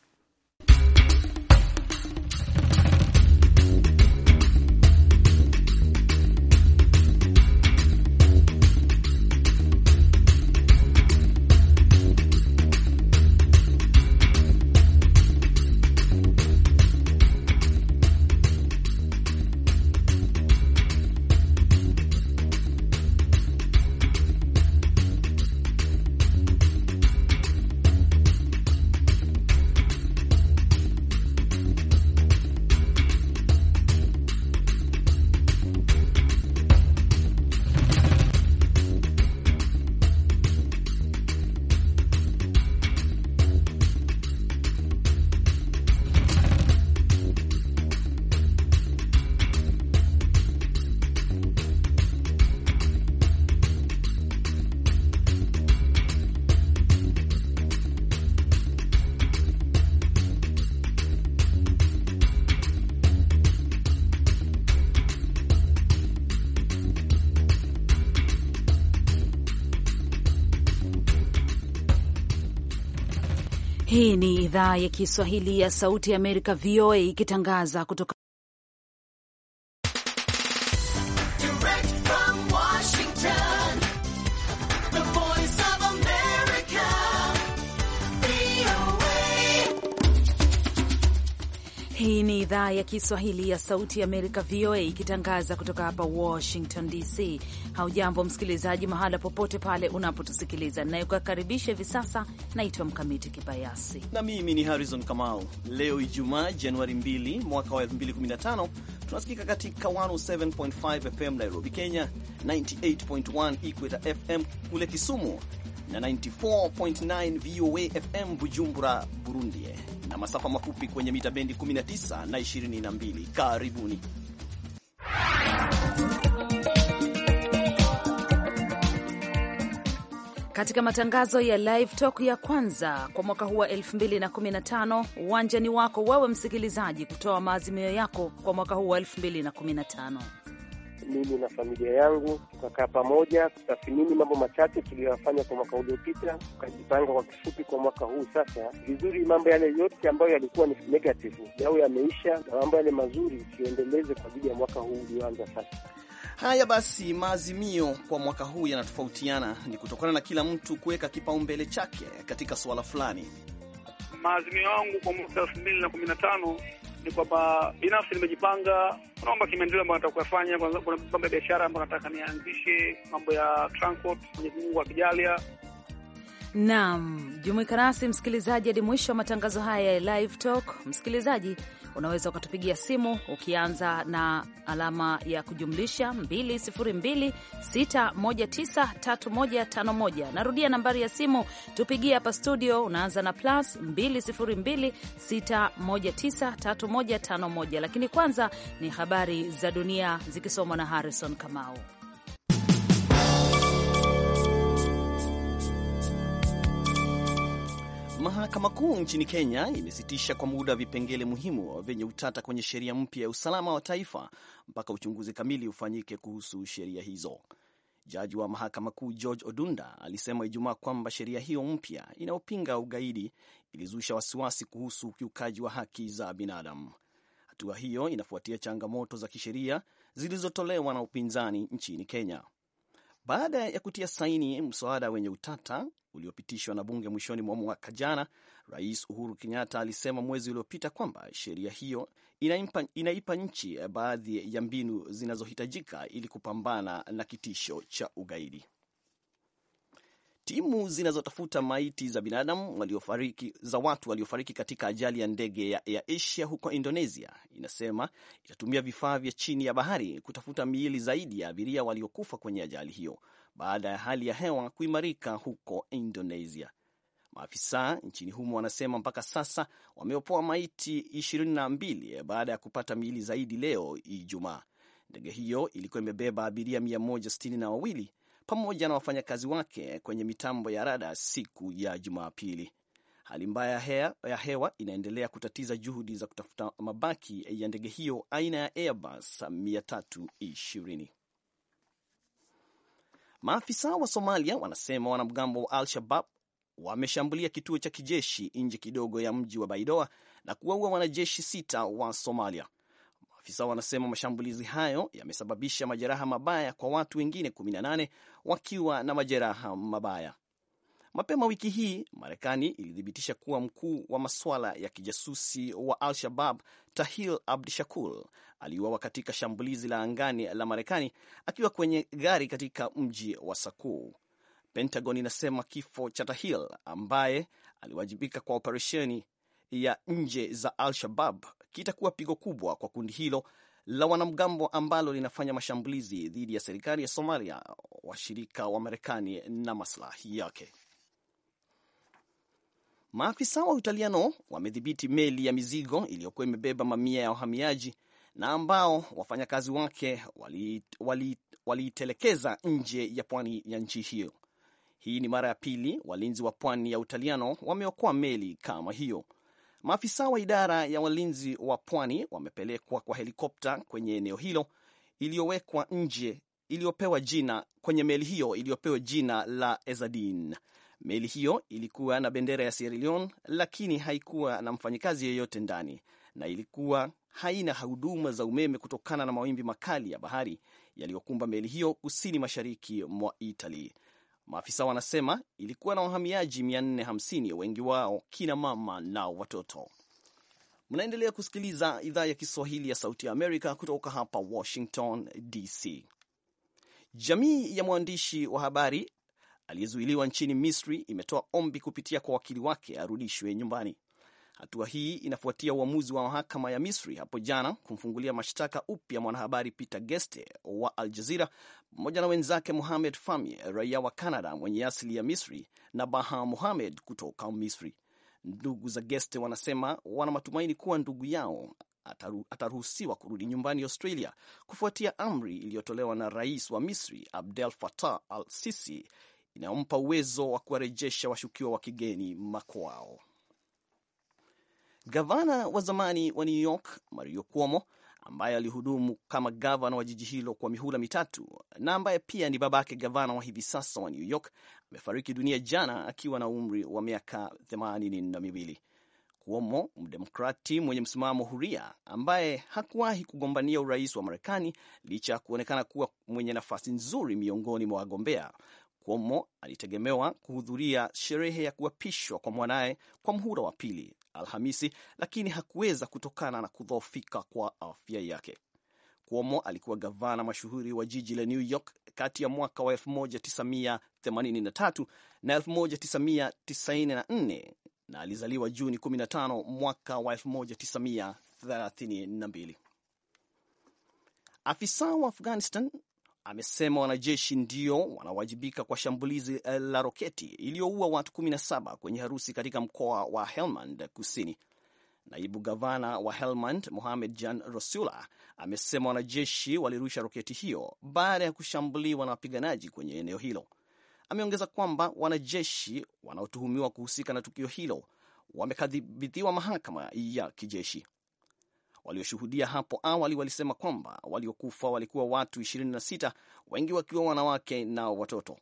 ya Kiswahili ya Sauti ya Amerika, VOA, ikitangaza kutoka Hii ni idhaa ya Kiswahili ya Sauti ya Amerika, VOA, ikitangaza kutoka hapa Washington DC. Haujambo msikilizaji, mahala popote pale unapotusikiliza. Nayekukaribisha hivi sasa naitwa Mkamiti Kibayasi na mimi ni Harrison Kamau. Leo Ijumaa, Januari 2 mwaka wa 2015, tunasikika katika 107.5 FM Nairobi, Kenya, 98.1 Ikweta FM kule Kisumu, na 94.9 VOA FM Bujumbura, Burundi na masafa mafupi kwenye mita bendi 19 na 22. Karibuni. Katika matangazo ya Live Talk ya kwanza kwa mwaka huu wa 2015 uwanja ni wako wewe msikilizaji, kutoa maazimio yako kwa mwaka huu wa 2015 mimi na familia yangu tukakaa pamoja, tutathimini mambo machache tuliyoyafanya kwa mwaka uliopita, tukajipanga kwa kifupi kwa mwaka huu sasa vizuri. Mambo yale yote ambayo yalikuwa ni negative yao yameisha, na mambo yale mazuri tuendeleze kwa ajili ya mwaka huu ulioanza sasa. Haya basi, maazimio kwa mwaka huu yanatofautiana, ni kutokana na kila mtu kuweka kipaumbele chake katika suala fulani. Maazimio yangu kwa mwaka elfu mbili na kumi na tano ni kwamba binafsi nimejipanga, kuna mambo ya kimaendeleo ambayo nataka kuyafanya, kuna mambo ya biashara ambayo nataka nianzishe, mambo ya transport, Mwenyezi Mungu akijalia. Naam, jumuika nasi msikilizaji hadi mwisho wa matangazo haya ya Live Talk. Msikilizaji, unaweza ukatupigia simu ukianza na alama ya kujumlisha 2026193151. Narudia nambari ya simu tupigie hapa studio, unaanza na plus 2026193151. Lakini kwanza ni habari za dunia zikisomwa na Harrison Kamau. Mahakama Kuu nchini Kenya imesitisha kwa muda vipengele muhimu vyenye utata kwenye sheria mpya ya usalama wa taifa mpaka uchunguzi kamili ufanyike kuhusu sheria hizo. Jaji wa Mahakama Kuu George Odunda alisema Ijumaa kwamba sheria hiyo mpya inayopinga ugaidi ilizusha wasiwasi kuhusu ukiukaji wa haki za binadamu. Hatua hiyo inafuatia changamoto za kisheria zilizotolewa na upinzani nchini Kenya baada ya kutia saini mswada wenye utata uliopitishwa na bunge mwishoni mwa mwaka jana. Rais Uhuru Kenyatta alisema mwezi uliopita kwamba sheria hiyo inaipa, inaipa nchi baadhi ya mbinu zinazohitajika ili kupambana na kitisho cha ugaidi timu zinazotafuta maiti za binadamu waliofariki, za watu waliofariki katika ajali ya ndege ya Air Asia huko Indonesia inasema itatumia vifaa vya chini ya bahari kutafuta miili zaidi ya abiria waliokufa kwenye ajali hiyo baada ya hali ya hewa kuimarika huko Indonesia. Maafisa nchini humo wanasema mpaka sasa wameopoa maiti 22 baada ya kupata miili zaidi leo Ijumaa. Ndege hiyo ilikuwa imebeba abiria 162 pamoja na wafanyakazi wake kwenye mitambo ya rada siku ya Jumapili. Hali mbaya ya hewa inaendelea kutatiza juhudi za kutafuta mabaki ya ndege hiyo aina ya Airbus 320. Maafisa wa Somalia wanasema wanamgambo wa Al-Shabab wameshambulia kituo cha kijeshi nje kidogo ya mji wa Baidoa na kuwaua wanajeshi sita wa Somalia. Maafisa wanasema mashambulizi hayo yamesababisha majeraha mabaya kwa watu wengine 18 wakiwa na majeraha mabaya. Mapema wiki hii Marekani ilithibitisha kuwa mkuu wa masuala ya kijasusi wa Al-Shabab Tahil Abdishakur aliuawa katika shambulizi la angani la Marekani akiwa kwenye gari katika mji wa Saku. Pentagon inasema kifo cha Tahil ambaye aliwajibika kwa operesheni ya nje za Al-Shabab kitakuwa pigo kubwa kwa kundi hilo la wanamgambo ambalo linafanya mashambulizi dhidi ya serikali ya Somalia, washirika wa Marekani na maslahi yake. Maafisa wa Utaliano wamedhibiti meli ya mizigo iliyokuwa imebeba mamia ya wahamiaji na ambao wafanyakazi wake waliitelekeza wali, wali nje ya pwani ya nchi hiyo. Hii ni mara ya pili walinzi wa pwani ya Utaliano wameokoa meli kama hiyo. Maafisa wa idara ya walinzi wa pwani wamepelekwa kwa helikopta kwenye eneo hilo iliyowekwa nje iliyopewa jina kwenye meli hiyo iliyopewa jina la Ezadin. Meli hiyo ilikuwa na bendera ya Sierra Leone, lakini haikuwa na mfanyikazi yeyote ndani na ilikuwa haina huduma za umeme kutokana na mawimbi makali ya bahari yaliyokumba meli hiyo kusini mashariki mwa Italy. Maafisa wanasema ilikuwa na wahamiaji 450, wengi wao kina mama na watoto. Mnaendelea kusikiliza idhaa ya Kiswahili ya Sauti ya Amerika kutoka hapa Washington DC. Jamii ya mwandishi wa habari aliyezuiliwa nchini Misri imetoa ombi kupitia kwa wakili wake arudishwe nyumbani. Hatua hii inafuatia uamuzi wa mahakama ya Misri hapo jana kumfungulia mashtaka upya mwanahabari Peter Geste wa Al Jazeera pamoja na wenzake Mohamed Fahmy, raia wa Canada mwenye asili ya Misri, na Baha Mohamed kutoka Misri. Ndugu za Geste wanasema wana matumaini kuwa ndugu yao ataru, ataruhusiwa kurudi nyumbani Australia kufuatia amri iliyotolewa na rais wa Misri Abdel Fattah Al Sisi inayompa uwezo wa kuwarejesha washukiwa wa kigeni makwao. Gavana wa zamani wa New York Mario Cuomo, ambaye alihudumu kama gavana wa jiji hilo kwa mihula mitatu na ambaye pia ni babake gavana wa hivi sasa wa New York, amefariki dunia jana akiwa na umri wa miaka themanini na miwili. Cuomo, mdemokrati mwenye msimamo huria ambaye hakuwahi kugombania urais wa Marekani licha ya kuonekana kuwa mwenye nafasi nzuri miongoni mwa wagombea, Cuomo alitegemewa kuhudhuria sherehe ya kuapishwa kwa mwanaye kwa mhula wa pili Alhamisi, lakini hakuweza kutokana na kudhoofika kwa afya yake. Cuomo alikuwa gavana mashuhuri wa jiji la New York kati ya mwaka wa 1983 na 1994 na alizaliwa Juni 15 mwaka wa 1932. Afisa wa Afghanistan amesema wanajeshi ndio wanawajibika kwa shambulizi eh, la roketi iliyoua watu 17 kwenye harusi katika mkoa wa Helmand Kusini. Naibu gavana wa Helmand Mohamed Jan Rosula amesema wanajeshi walirusha roketi hiyo baada ya kushambuliwa na wapiganaji kwenye eneo hilo. Ameongeza kwamba wanajeshi wanaotuhumiwa kuhusika na tukio hilo wamekadhibithiwa mahakama ya kijeshi. Walioshuhudia hapo awali walisema kwamba waliokufa walikuwa watu 26, wengi wakiwa wanawake na watoto.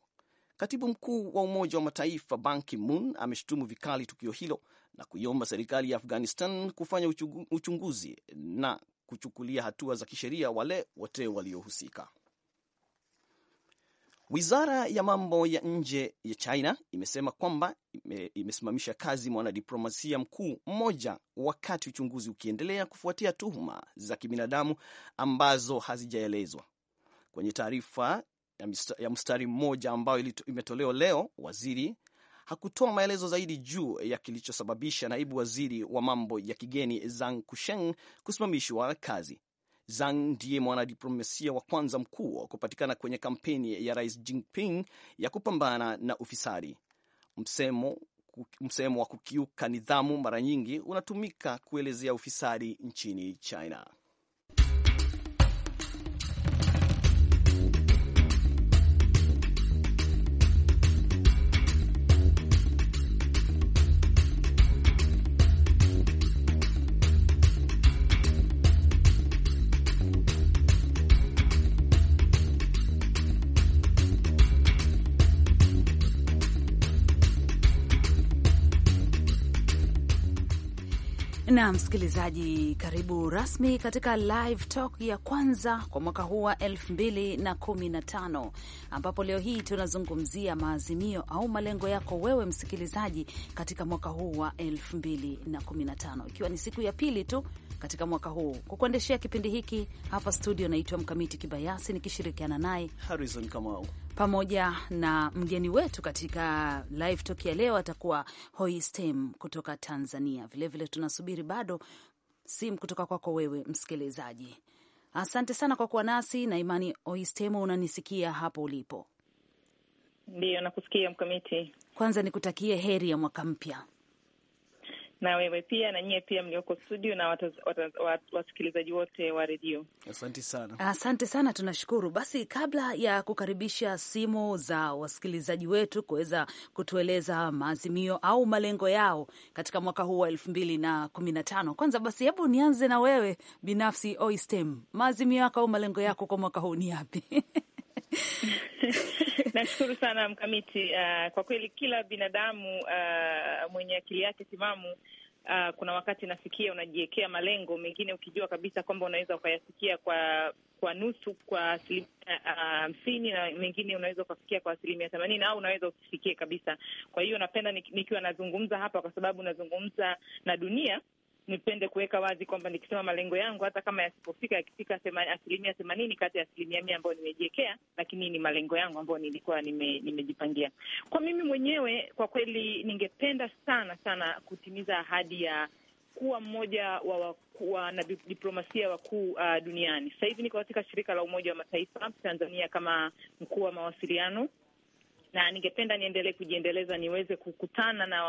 Katibu mkuu wa Umoja wa Mataifa Ban Ki-moon ameshutumu vikali tukio hilo na kuiomba serikali ya Afghanistan kufanya uchunguzi na kuchukulia hatua za kisheria wale wote waliohusika. Wizara ya mambo ya nje ya China imesema kwamba imesimamisha kazi mwanadiplomasia mkuu mmoja wakati uchunguzi ukiendelea kufuatia tuhuma za kibinadamu ambazo hazijaelezwa. Kwenye taarifa ya mstari mmoja ambayo imetolewa leo, waziri hakutoa maelezo zaidi juu ya kilichosababisha naibu waziri wa mambo ya kigeni Zhang Kusheng kusimamishwa kazi. Zhang ndiye mwanadiplomasia wa kwanza mkuu wa kupatikana kwenye kampeni ya Rais Jinping ya kupambana na ufisadi. Msemo, msemo wa kukiuka nidhamu mara nyingi unatumika kuelezea ufisadi nchini China. na msikilizaji, karibu rasmi katika live talk ya kwanza kwa mwaka huu wa 2015 ambapo leo hii tunazungumzia maazimio au malengo yako wewe msikilizaji katika mwaka huu wa 2015 ikiwa ni siku ya pili tu katika mwaka huu. Kwa kuendeshea kipindi hiki hapa studio, naitwa Mkamiti Kibayasi nikishirikiana naye Harrison Kamau pamoja na mgeni wetu katika live talk ya leo atakuwa Hoistem kutoka Tanzania. Vilevile vile tunasubiri bado simu kutoka kwako wewe msikilizaji. Asante sana kwa kuwa nasi na imani. Hoistemo, unanisikia hapo ulipo? Ndiyo, nakusikia Mkamiti. Kwanza nikutakie heri ya mwaka mpya na wewe pia na nyie pia mlioko studio na wasikilizaji wote wa redio. Asante sana, asante sana, tunashukuru. Basi kabla ya kukaribisha simu za wasikilizaji wetu kuweza kutueleza maazimio au malengo yao katika mwaka huu wa elfu mbili na kumi na tano, kwanza basi hebu nianze na wewe binafsi Oistem, maazimio yako au malengo yako kwa mwaka huu ni yapi? Nashukuru sana Mkamiti. Uh, kwa kweli kila binadamu uh, mwenye akili yake timamu Uh, kuna wakati nafikia unajiwekea malengo mengine ukijua kabisa kwamba unaweza ukayafikia kwa kwa nusu kwa asilimia uh, hamsini uh, na mengine unaweza ukafikia kwa asilimia themanini au unaweza usifikie kabisa. Kwa hiyo napenda nikiwa nazungumza hapa, kwa sababu nazungumza na dunia nipende kuweka wazi kwamba nikisema malengo yangu, hata kama yasipofika, yakifika asilimia themanini kati ya asilimia mia ambayo nimejiwekea, lakini ni malengo yangu ambayo nilikuwa nime, nimejipangia. Kwa mimi mwenyewe, kwa kweli, ningependa sana sana kutimiza ahadi ya kuwa mmoja wa wanadiplomasia wakuu uh, duniani. Sasa hivi niko katika shirika la Umoja wa Mataifa Tanzania kama mkuu wa mawasiliano, na ningependa niendelee kujiendeleza niweze kukutana na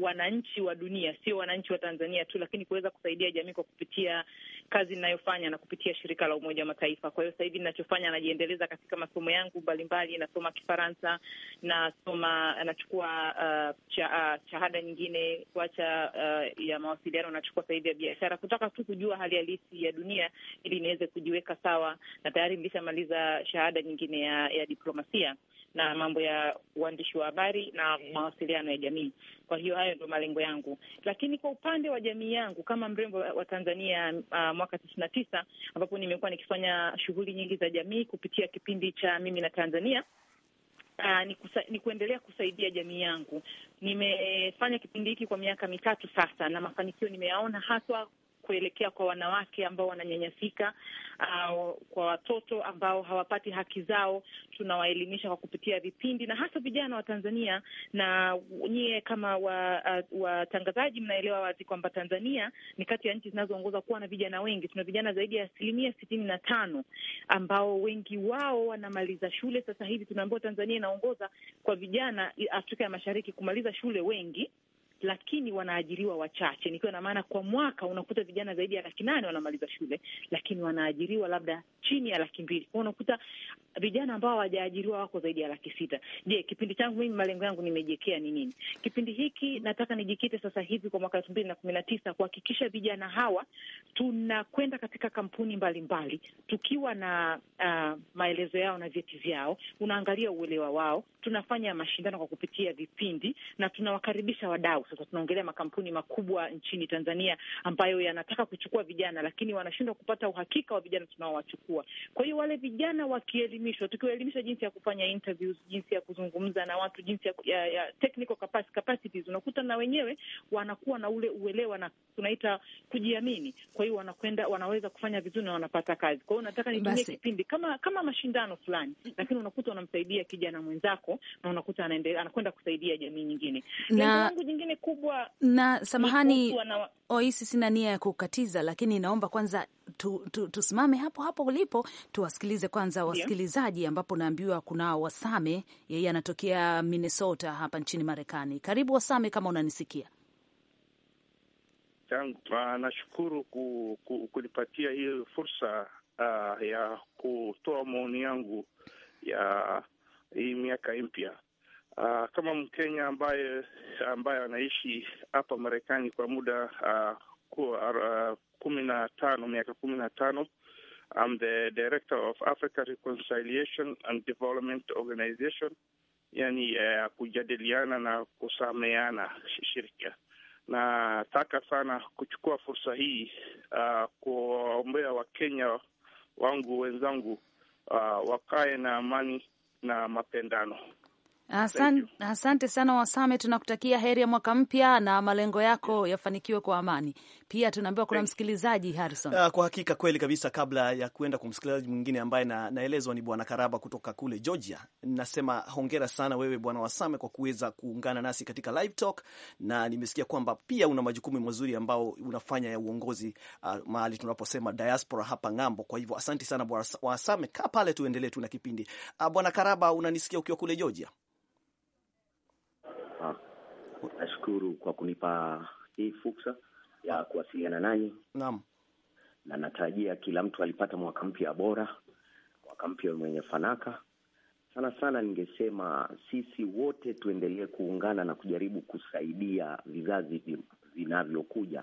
wananchi wa dunia, sio wananchi wa Tanzania tu, lakini kuweza kusaidia jamii kwa kupitia kazi ninayofanya na kupitia shirika la Umoja wa Mataifa. Kwa hiyo sasa hivi ninachofanya, najiendeleza katika masomo yangu mbalimbali, nasoma Kifaransa, nasoma, nachukua uh, cha, uh, shahada nyingine kuacha uh, ya mawasiliano, nachukua sasa hivi ya biashara, kutaka tu kujua hali halisi ya dunia ili niweze kujiweka sawa, na tayari nilishamaliza shahada nyingine ya, ya diplomasia na mambo ya uandishi wa habari na mawasiliano ya jamii. Kwa hiyo hayo ndo malengo yangu, lakini kwa upande wa jamii yangu kama mrembo wa Tanzania uh, mwaka tisini na tisa ambapo nimekuwa nikifanya shughuli nyingi za jamii kupitia kipindi cha mimi na Tanzania. Uh, ni, kusa, ni kuendelea kusaidia jamii yangu. Nimefanya kipindi hiki kwa miaka mitatu sasa, na mafanikio nimeyaona haswa kuelekea kwa wanawake ambao wananyanyasika, uh, kwa watoto ambao hawapati haki zao. Tunawaelimisha kwa kupitia vipindi na hasa vijana wa Tanzania, na nyie kama uh, watangazaji wa mnaelewa wazi kwamba Tanzania ni kati ya nchi zinazoongoza kuwa na vijana wengi. Tuna vijana zaidi ya asilimia sitini na tano ambao wengi wao wanamaliza shule sasa hivi. Tunaambiwa Tanzania inaongoza kwa vijana Afrika ya Mashariki kumaliza shule wengi lakini wanaajiriwa wachache, nikiwa na maana kwa mwaka unakuta vijana zaidi ya laki nane wanamaliza shule, lakini wanaajiriwa labda chini ya laki mbili Kwa Unakuta vijana ambao hawajaajiriwa wako zaidi ya laki sita. Je, kipindi changu mimi, malengo yangu nimejekea ni nini? Kipindi hiki nataka nijikite sasa hivi kwa mwaka elfu mbili na kumi na tisa kuhakikisha vijana hawa tunakwenda katika kampuni mbalimbali mbali, tukiwa na uh, maelezo yao na vyeti vyao, unaangalia uelewa wao, tunafanya mashindano kwa kupitia vipindi na tunawakaribisha wadau sasa tunaongelea makampuni makubwa nchini Tanzania ambayo yanataka kuchukua vijana, lakini wanashindwa kupata uhakika wa vijana tunaowachukua. Kwa hiyo wale vijana wakielimishwa, tukiwaelimisha jinsi ya kufanya interviews, jinsi ya kuzungumza na watu, jinsi ya, ya, ya technical capacities, unakuta na wenyewe wanakuwa na ule uelewa na tunaita kujiamini. Kwa hiyo wanakwenda, wanaweza kufanya vizuri na wanapata kazi. Kwa hiyo nataka nitumie kipindi kama kama mashindano fulani, lakini unakuta unamsaidia kijana mwenzako na unakuta anaendelea anakwenda kusaidia jamii nyingine. Lengo langu jingine swali kubwa na samahani na... Oisi, sina nia ya kukatiza, lakini naomba kwanza tu, tu, tusimame hapo hapo ulipo tuwasikilize kwanza wasikilizaji, ambapo naambiwa kuna Wasame, yeye anatokea Minnesota hapa nchini Marekani. Karibu Wasame, kama unanisikia ah, Nashukuru ku, ku, kunipatia hiyo fursa uh, ya kutoa maoni yangu ya hii miaka mpya. Uh, kama Mkenya ambaye ambaye anaishi hapa Marekani kwa muda uh, kumi na tano miaka kumi na tano I'm the director of Africa Reconciliation and Development Organization, yani uh, kujadiliana na kusameana shirika. Nataka sana kuchukua fursa hii uh, kuwaombea Wakenya wangu wenzangu uh, wakae na amani na mapendano. Asante, asante sana Wasame, tunakutakia heri ya mwaka mpya na malengo yako yafanikiwe kwa amani. Pia tunaambiwa kuna eh, msikilizaji Harrison. Uh, kwa hakika kweli kabisa. Kabla ya kuenda kwa msikilizaji mwingine ambaye na, naelezwa ni bwana Karaba kutoka kule Georgia, nasema hongera sana wewe bwana Wasame kwa kuweza kuungana nasi katika live talk, na nimesikia kwamba pia una majukumu mazuri ambao unafanya ya uongozi uh, mahali tunaposema diaspora hapa ng'ambo. Kwa hivyo asanti sana bwana Wasame, kaa pale tuendelee tu na kipindi. Uh, bwana Karaba, unanisikia ukiwa kule Georgia? Ah, nashukuru kwa kunipa hii fursa ya kuwasiliana nanyi. Naam, na natarajia kila mtu alipata mwaka mpya bora, mwaka mpya mwenye fanaka. Sana sana ningesema sisi wote tuendelee kuungana na kujaribu kusaidia vizazi vinavyokuja,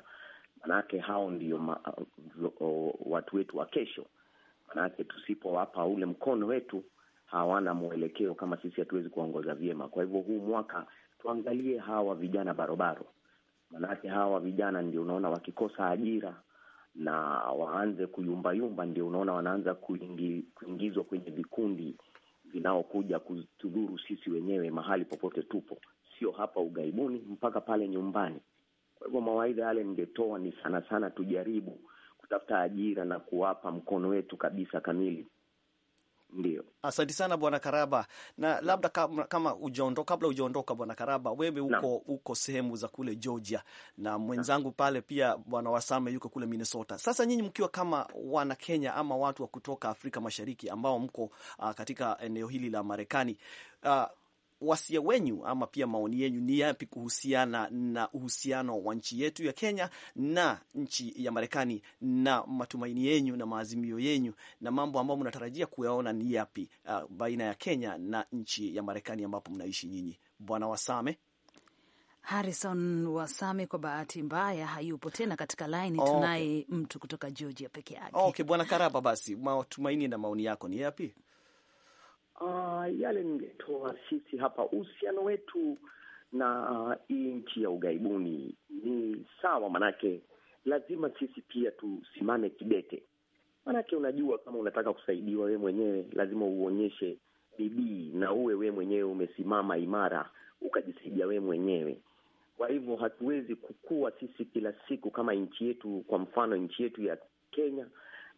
manake hao ndio ma, watu wetu wa kesho, manake tusipowapa ule mkono wetu hawana mwelekeo, kama sisi hatuwezi kuwaongoza vyema. Kwa hivyo huu mwaka tuangalie hawa vijana barobaro Maanake hawa vijana ndio unaona wakikosa ajira na waanze kuyumbayumba, ndio unaona wanaanza kuingi, kuingizwa kwenye vikundi vinaokuja kutudhuru sisi wenyewe mahali popote tupo, sio hapa ughaibuni, mpaka pale nyumbani. Kwa hivyo mawaidha yale ningetoa ni sana sana tujaribu kutafuta ajira na kuwapa mkono wetu kabisa kamili ndio, asante sana Bwana Karaba. Na labda kama, kama ujaondoka, kabla ujaondoka Bwana Karaba, wewe uko uko sehemu za kule Georgia na mwenzangu na pale pia Bwana Wasame yuko kule Minnesota. Sasa nyinyi mkiwa kama wana Kenya ama watu wa kutoka Afrika Mashariki ambao mko uh, katika eneo hili la Marekani uh, wasia wenyu ama pia maoni yenyu ni yapi kuhusiana na uhusiano wa nchi yetu ya Kenya na nchi ya Marekani, na matumaini yenyu na maazimio yenyu na mambo ambayo mnatarajia kuyaona ni yapi uh, baina ya Kenya na nchi ya Marekani ambapo mnaishi nyinyi. Bwana Wasame Harrison Wasame kwa bahati mbaya hayupo tena katika laini. Okay. Tunaye mtu kutoka Georgia peke yake. Okay, Bwana Karaba, basi matumaini na maoni yako ni yapi? uh, yale ningetoa sisi hapa, uhusiano wetu na ah, hii nchi ya ughaibuni ni sawa, manake lazima sisi pia tusimame kidete, manake unajua, kama unataka kusaidiwa wewe mwenyewe lazima uonyeshe bidii na uwe wewe mwenyewe umesimama imara, ukajisaidia wewe mwenyewe. Kwa hivyo hatuwezi kukua sisi kila siku kama nchi yetu, kwa mfano nchi yetu ya Kenya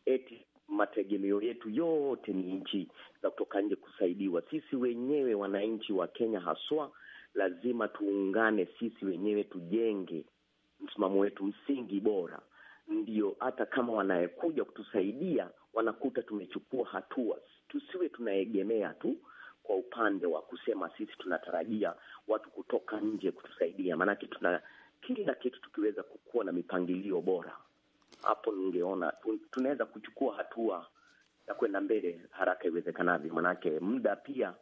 eti mategemeo yetu yote ni nchi za kutoka nje kusaidiwa. Sisi wenyewe wananchi wa Kenya haswa, lazima tuungane sisi wenyewe, tujenge msimamo wetu msingi bora, ndio hata kama wanayekuja kutusaidia wanakuta tumechukua hatua. Tusiwe tunaegemea tu kwa upande wa kusema sisi tunatarajia watu kutoka nje kutusaidia, maanake tuna kila kitu tukiweza kukuwa na mipangilio bora hapo ningeona tunaweza kuchukua hatua ya kwenda mbele haraka iwezekanavyo, manake muda pia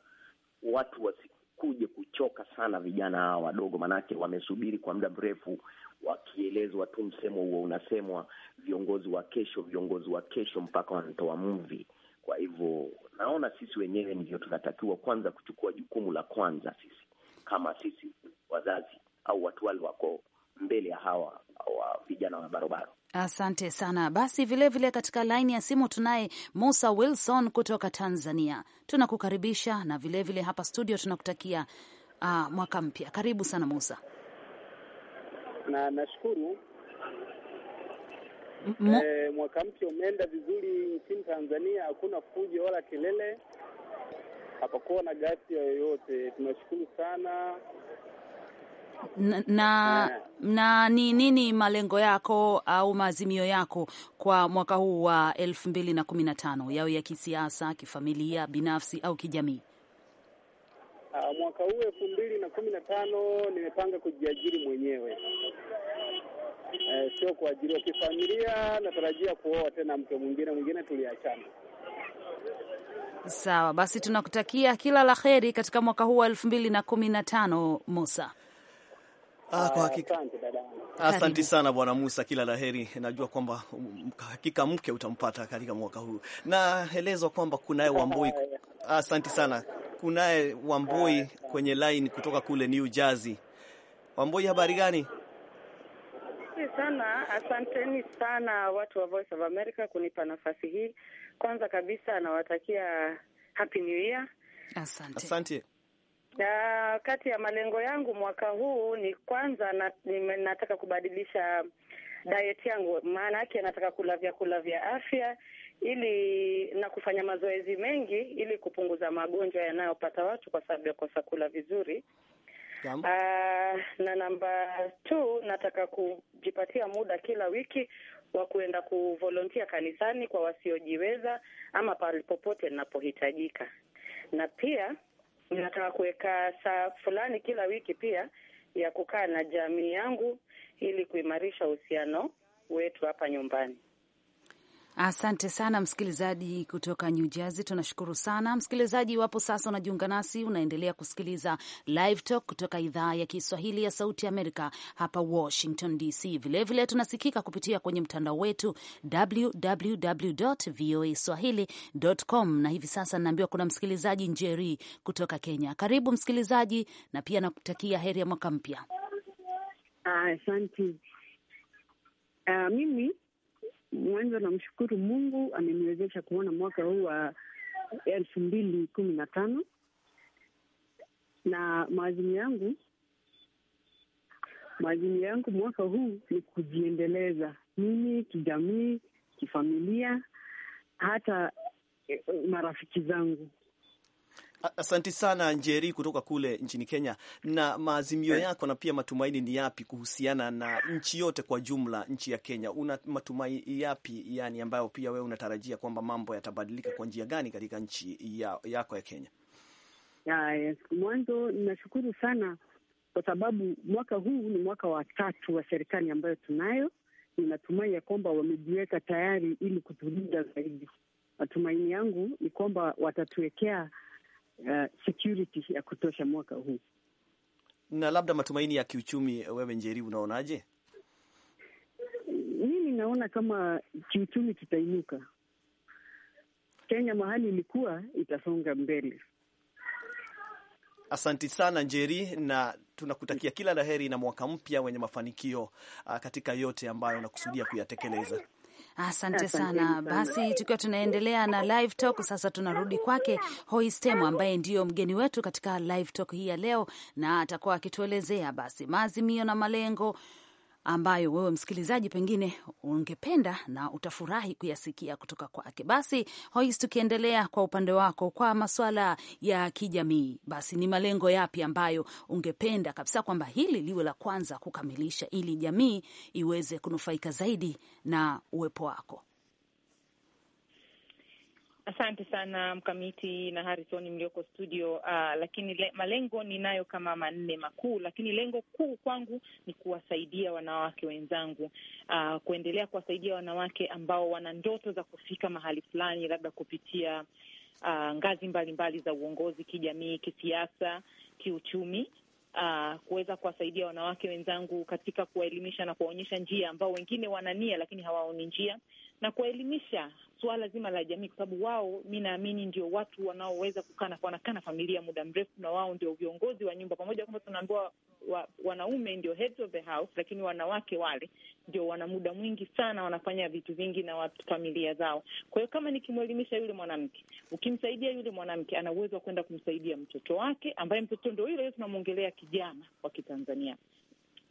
watu wasikuje kuchoka sana, vijana hawa wadogo, manake wamesubiri kwa muda mrefu wakielezwa tu, msemo huo unasemwa, viongozi wa kesho, viongozi wa kesho, mpaka wanatoa mvi. Kwa hivyo naona sisi wenyewe ndio tunatakiwa kwanza kuchukua jukumu la kwanza, sisi kama sisi wazazi au watu wale wako mbele ya hawa wa vijana wa barobaro. Asante sana. Basi vilevile vile katika laini ya simu tunaye Musa Wilson kutoka Tanzania, tunakukaribisha na vilevile vile hapa studio tunakutakia uh, mwaka mpya. Karibu sana Musa. Na nashukuru e, mwaka mpya umeenda vizuri nchini Tanzania, hakuna fujo wala kelele, hapakuwa na ghasia yoyote. Tunashukuru sana na, na, ni nini malengo yako au maazimio yako kwa mwaka huu wa elfu mbili na kumi na tano yawe ya kisiasa, kifamilia, binafsi au kijamii? Uh, mwaka huu elfu mbili na kumi na tano nimepanga kujiajiri mwenyewe, uh, sio kuajiriwa. Kifamilia natarajia kuoa tena mke mwingine mwingine, tuliachana. Sawa basi, tunakutakia kila la heri katika mwaka huu wa elfu mbili na kumi na tano Musa. Ah, kwa ah, hakika. Asante Asante sana Bwana Musa, kila la heri. Najua kwamba um, hakika mke utampata katika mwaka huu. Naelezwa kwamba kunaye Wamboi. Asante sana. Kunaye Wamboi kwenye line kutoka kule New Jersey. Wamboi, habari gani? sana asanteni sana watu wa Voice of America kunipa nafasi hii. Kwanza kabisa nawatakia happy new year. Asante, asante kati ya malengo yangu mwaka huu ni kwanza na, ni, nataka kubadilisha diet yangu, maana yake nataka kula vyakula vya afya ili na kufanya mazoezi mengi ili kupunguza magonjwa yanayopata watu kwa sababu ya kosa kula vizuri. Uh, na namba two nataka kujipatia muda kila wiki wa kuenda kuvolontia kanisani kwa wasiojiweza ama pale popote ninapohitajika, na pia nataka kuweka saa fulani kila wiki pia ya kukaa na jamii yangu ili kuimarisha uhusiano wetu hapa nyumbani. Asante sana msikilizaji kutoka New Jersey, tunashukuru sana msikilizaji. Iwapo sasa unajiunga nasi, unaendelea kusikiliza Live Talk kutoka idhaa ya Kiswahili ya Sauti Amerika hapa Washington DC. Vilevile tunasikika kupitia kwenye mtandao wetu www voa swahili.com, na hivi sasa naambiwa kuna msikilizaji Njeri kutoka Kenya. Karibu msikilizaji, na pia nakutakia heri ya mwaka mpya. Asante. Uh, mimi mwanzo namshukuru Mungu ameniwezesha kuona mwaka huu wa elfu mbili kumi na tano na maazimio yangu maazimio yangu mwaka huu ni kujiendeleza mimi kijamii, kifamilia, hata eh, marafiki zangu. Asanti sana Njeri kutoka kule nchini Kenya. Na maazimio eh? yako na pia matumaini ni yapi kuhusiana na nchi yote kwa jumla, nchi ya Kenya? Una matumaini yapi, yani ambayo pia wewe unatarajia kwamba mambo yatabadilika kwa njia gani katika nchi ya, yako ya Kenya? Ya, mwanzo nashukuru sana kwa sababu mwaka huu ni mwaka wa tatu wa serikali ambayo tunayo. Ninatumai ya kwamba wamejiweka tayari ili kutulinda zaidi. Matumaini yangu ni kwamba watatuwekea Eh, security ya kutosha mwaka huu na labda matumaini ya kiuchumi. Eh, wewe Njeri, unaonaje? Mimi naona kama kiuchumi kitainuka. Kenya mahali ilikuwa itasonga mbele. Asanti sana Njeri, na tunakutakia kila laheri na mwaka mpya wenye mafanikio ah, katika yote ambayo unakusudia kuyatekeleza. Asante sana. Basi tukiwa tunaendelea na live talk sasa, tunarudi kwake Hoistemo ambaye ndiyo mgeni wetu katika live talk hii ya leo, na atakuwa akituelezea basi maazimio na malengo ambayo wewe msikilizaji pengine ungependa na utafurahi kuyasikia kutoka kwake. Basi Hois, tukiendelea kwa upande wako kwa masuala ya kijamii, basi ni malengo yapi ambayo ungependa kabisa kwamba hili liwe la kwanza kukamilisha ili jamii iweze kunufaika zaidi na uwepo wako? Asante sana Mkamiti na harisoni mlioko studio. Uh, lakini le, malengo ninayo kama manne makuu, lakini lengo kuu kwangu ni kuwasaidia wanawake wenzangu, uh, kuendelea kuwasaidia wanawake ambao wana ndoto za kufika mahali fulani, labda kupitia uh, ngazi mbalimbali mbali za uongozi, kijamii, kisiasa, kiuchumi uh, kuweza kuwasaidia wanawake wenzangu katika kuwaelimisha na kuwaonyesha njia ambao wengine wanania lakini hawaoni njia na kuwaelimisha suala zima la jamii, kwa sababu wao, mi naamini ndio watu wanaoweza kukaa na kuanakaa na familia muda mrefu, na wao ndio viongozi wa nyumba. Pamoja kwamba tunaambiwa wa, wanaume ndio heads of the house, lakini wanawake wale ndio wana muda mwingi sana, wanafanya vitu vingi na watu familia zao. Kwa hiyo kama nikimwelimisha yule mwanamke, ukimsaidia yule mwanamke, ana uwezo wa kwenda kumsaidia mtoto wake, ambaye mtoto ndo yule tunamwongelea kijana wa Kitanzania.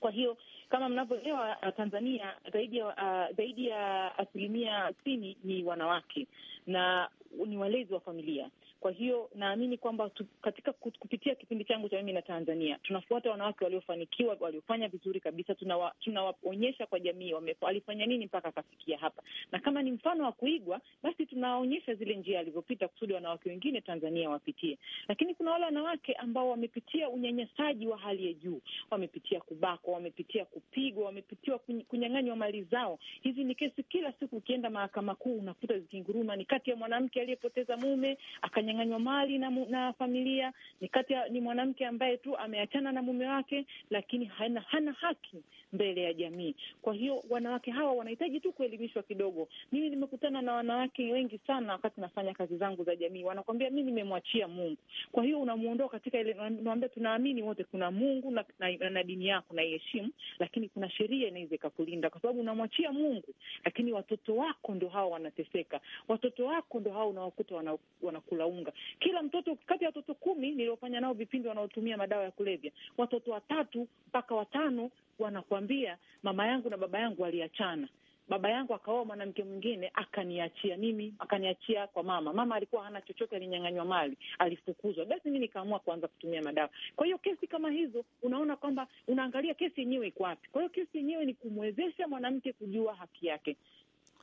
Kwa hiyo kama mnavyoelewa, uh, Tanzania zaidi ya uh, zaidi ya asilimia sitini ni wanawake na ni walezi wa familia. Kwa hiyo naamini kwamba katika kupitia kipindi changu cha Mimi na Tanzania tunafuata wanawake waliofanikiwa, waliofanya vizuri kabisa, tunawaonyesha tuna kwa jamii alifanya nini mpaka akafikia hapa, na kama ni mfano wa kuigwa, basi tunawaonyesha zile njia alizopita kusudi wanawake wengine Tanzania wapitie. Lakini kuna wale wanawake ambao wamepitia unyanyasaji wa hali ya juu, wamepitia kubakwa, wamepitia kupigwa, wamepitiwa kunyang'anywa mali zao. Hizi ni kesi kila siku, ukienda mahakama kuu unakuta zikinguruma, ni kati ya mwanamke aliyepoteza mume akanya ananyang'anywa mali na, na familia ni kati ya, ni mwanamke ambaye tu ameachana na mume wake, lakini hana, hana haki mbele ya jamii. Kwa hiyo wanawake hawa wanahitaji tu kuelimishwa kidogo. Mimi nimekutana na wanawake wengi sana wakati nafanya kazi zangu za jamii, wanakwambia mi nimemwachia Mungu. Kwa hiyo unamuondoa katika ile, naambia tunaamini wote kuna Mungu na, na, na na dini yako naiheshimu, lakini kuna sheria inaweza ikakulinda, kwa sababu unamwachia Mungu, lakini watoto wako ndo hawa wanateseka, watoto wako ndo hawa unawakuta wanakulaumu unga. Kila mtoto kati ya watoto kumi niliofanya nao vipindi wanaotumia madawa ya kulevya, watoto watatu mpaka watano wanakwambia mama yangu na baba yangu waliachana baba yangu akaoa mwanamke mwingine akaniachia mimi, akaniachia kwa mama. Mama alikuwa hana chochote, alinyang'anywa mali, alifukuzwa. Basi mi nikaamua kuanza kutumia madawa. Kwa hiyo kesi kama hizo, unaona kwamba unaangalia kesi yenyewe iko wapi. Kwa hiyo kesi yenyewe ni kumwezesha mwanamke kujua haki yake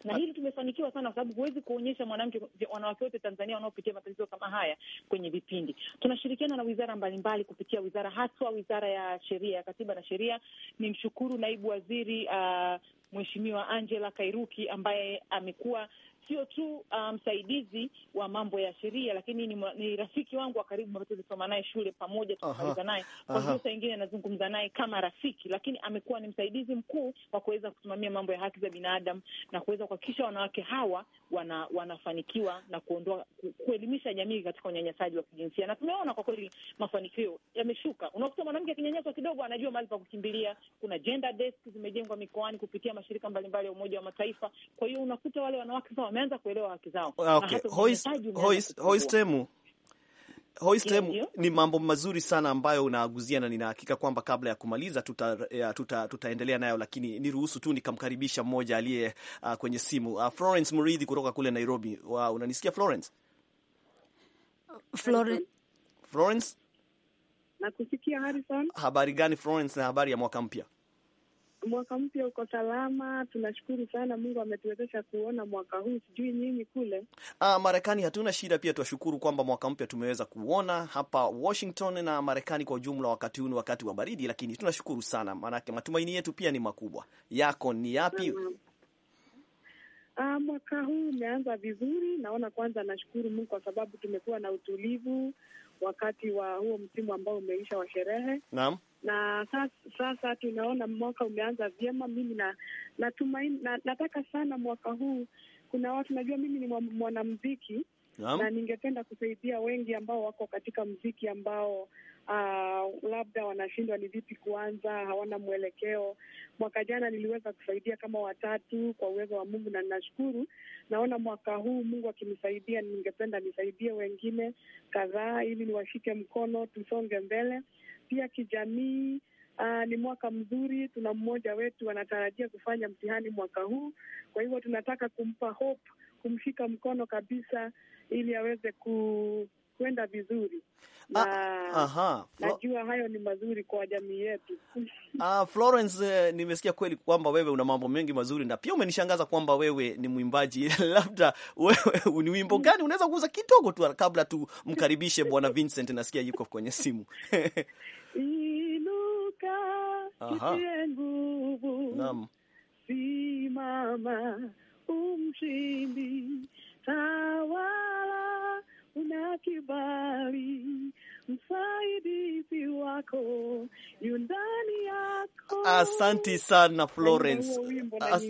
na hili tumefanikiwa sana, kwa sababu huwezi kuonyesha mwanamke, wanawake wote Tanzania wanaopitia matatizo kama haya kwenye vipindi. Tunashirikiana na wizara mbalimbali mbali kupitia wizara, haswa wizara ya sheria, ya katiba na sheria. Ni mshukuru naibu waziri uh, Mheshimiwa Angela Kairuki ambaye amekuwa sio tu um, msaidizi um, wa mambo ya sheria, lakini ni, ni rafiki wangu wa karibu ambaye tulisoma naye shule pamoja, tukamaliza naye. Kwa hiyo saa ingine anazungumza naye kama rafiki, lakini amekuwa ni msaidizi mkuu wa kuweza kusimamia mambo ya haki za binadamu na kuweza kuhakikisha wanawake hawa wana, wanafanikiwa na kuondoa kuelimisha jamii katika unyanyasaji wa kijinsia, na tumeona kwa kweli mafanikio yameshuka. Unakuta mwanamke akinyanyaswa kidogo, anajua mahali pa kukimbilia. Kuna gender desk zimejengwa mikoani kupitia mashirika mbalimbali ya Umoja wa Mataifa. Kwa hiyo unakuta wale wanawake sasa wameanza kuelewa haki zao. Ah, okay. Hoistemu Hoistemu, ni mambo mazuri sana ambayo unaaguzia na ninahakika kwamba kabla ya kumaliza eh, tutaendelea tuta, tuta nayo, lakini niruhusu tu nikamkaribisha mmoja aliye uh, kwenye simu uh, Florence Muridhi kutoka kule Nairobi. Wow, unanisikia Florence? Uh, Florence? Florence, kusikia Harrison. Habari gani Florence, na habari ya mwaka mpya? mwaka mpya uko salama, tunashukuru sana, Mungu ametuwezesha kuona mwaka huu. Sijui nyinyi kule ah, Marekani hatuna shida, pia twashukuru kwamba mwaka mpya tumeweza kuona hapa Washington na Marekani kwa ujumla. Wakati huu ni wakati wa baridi, lakini tunashukuru sana, maanake matumaini yetu pia ni makubwa. Yako ni yapi? Ah, mwaka huu umeanza vizuri, naona kwanza, nashukuru Mungu kwa sababu tumekuwa na utulivu wakati wa huo msimu ambao umeisha wa sherehe. Naam. Na sasa, sasa tunaona mwaka umeanza vyema. Mimi na natumaini na, nataka sana mwaka huu, kuna watu najua mimi ni mwanamziki na ningependa kusaidia wengi ambao wako katika mziki ambao uh, labda wanashindwa ni vipi kuanza, hawana mwelekeo. Mwaka jana niliweza kusaidia kama watatu kwa uwezo wa Mungu na ninashukuru. Naona mwaka huu Mungu akinisaidia, ningependa nisaidie wengine kadhaa, ili niwashike mkono, tusonge mbele. Pia kijamii Aa, ah, ni mwaka mzuri. Tuna mmoja wetu anatarajia kufanya mtihani mwaka huu, kwa hivyo tunataka kumpa hope, kumshika mkono kabisa, ili aweze ku, kwenda vizuri ah, na ah, aha, najua hayo ni mazuri kwa jamii yetu. Ah, Florence eh, nimesikia kweli kwamba wewe una mambo mengi mazuri na pia umenishangaza kwamba wewe ni mwimbaji labda wewe ni wimbo gani unaweza kuuza kidogo tu kabla tumkaribishe Bwana Vincent, nasikia yuko kwenye simu Inuka nguvu, naam, simama umshindi tawala una kibali, msaidizi wako yu ndani yako. Asanti sana Florence, As,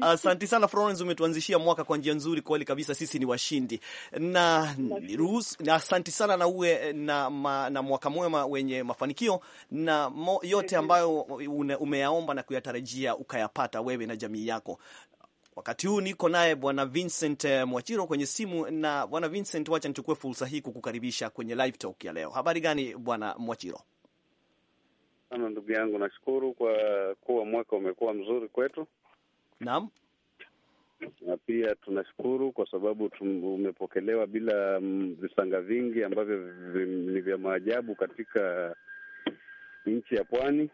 asanti sana Florence, umetuanzishia mwaka kwa njia nzuri. Kweli kabisa, sisi ni washindi na na asanti sana na uwe na, ma, na mwaka mwema wenye mafanikio na mo, yote ambayo umeyaomba na kuyatarajia ukayapata wewe na jamii yako. Wakati huu niko naye bwana Vincent eh, Mwachiro kwenye simu. Na bwana Vincent, wacha nichukue fursa hii kukukaribisha kwenye live talk ya leo. Habari gani bwana Mwachiro? Ama ndugu yangu, nashukuru kwa kuwa mwaka umekuwa mzuri kwetu. Naam, na pia tunashukuru kwa sababu umepokelewa bila mm, visanga vingi ambavyo ni vya maajabu katika nchi ya pwani.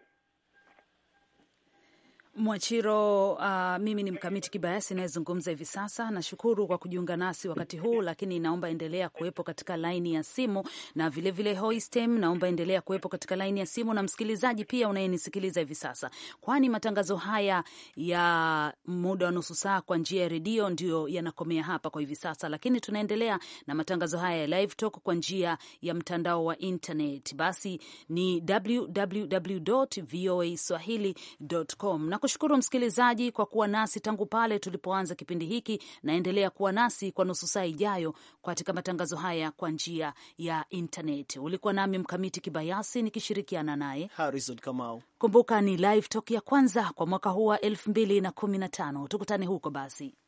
Mwachiro, uh, mimi ni mkamiti kibayasi nayezungumza hivi sasa. Nashukuru kwa kujiunga nasi wakati huu, lakini naomba endelea kuwepo katika laini ya simu na vilevile Hoistem, naomba endelea kuwepo katika laini ya simu na msikilizaji pia unayenisikiliza hivi sasa, kwani matangazo haya ya muda wa nusu saa kwa njia ya redio ndio yanakomea hapa kwa hivi sasa, lakini tunaendelea na matangazo haya ya live talk kwa njia ya mtandao wa internet. Basi ni www.voaswahili.com kushukuru msikilizaji kwa kuwa nasi tangu pale tulipoanza kipindi hiki. Naendelea kuwa nasi kwa nusu saa ijayo katika matangazo haya kwa njia ya intaneti. Ulikuwa nami Mkamiti Kibayasi nikishirikiana naye Harrison Kamau. Kumbuka ni live talk ya kwanza kwa mwaka huu wa elfu mbili na kumi na tano. Tukutane huko basi.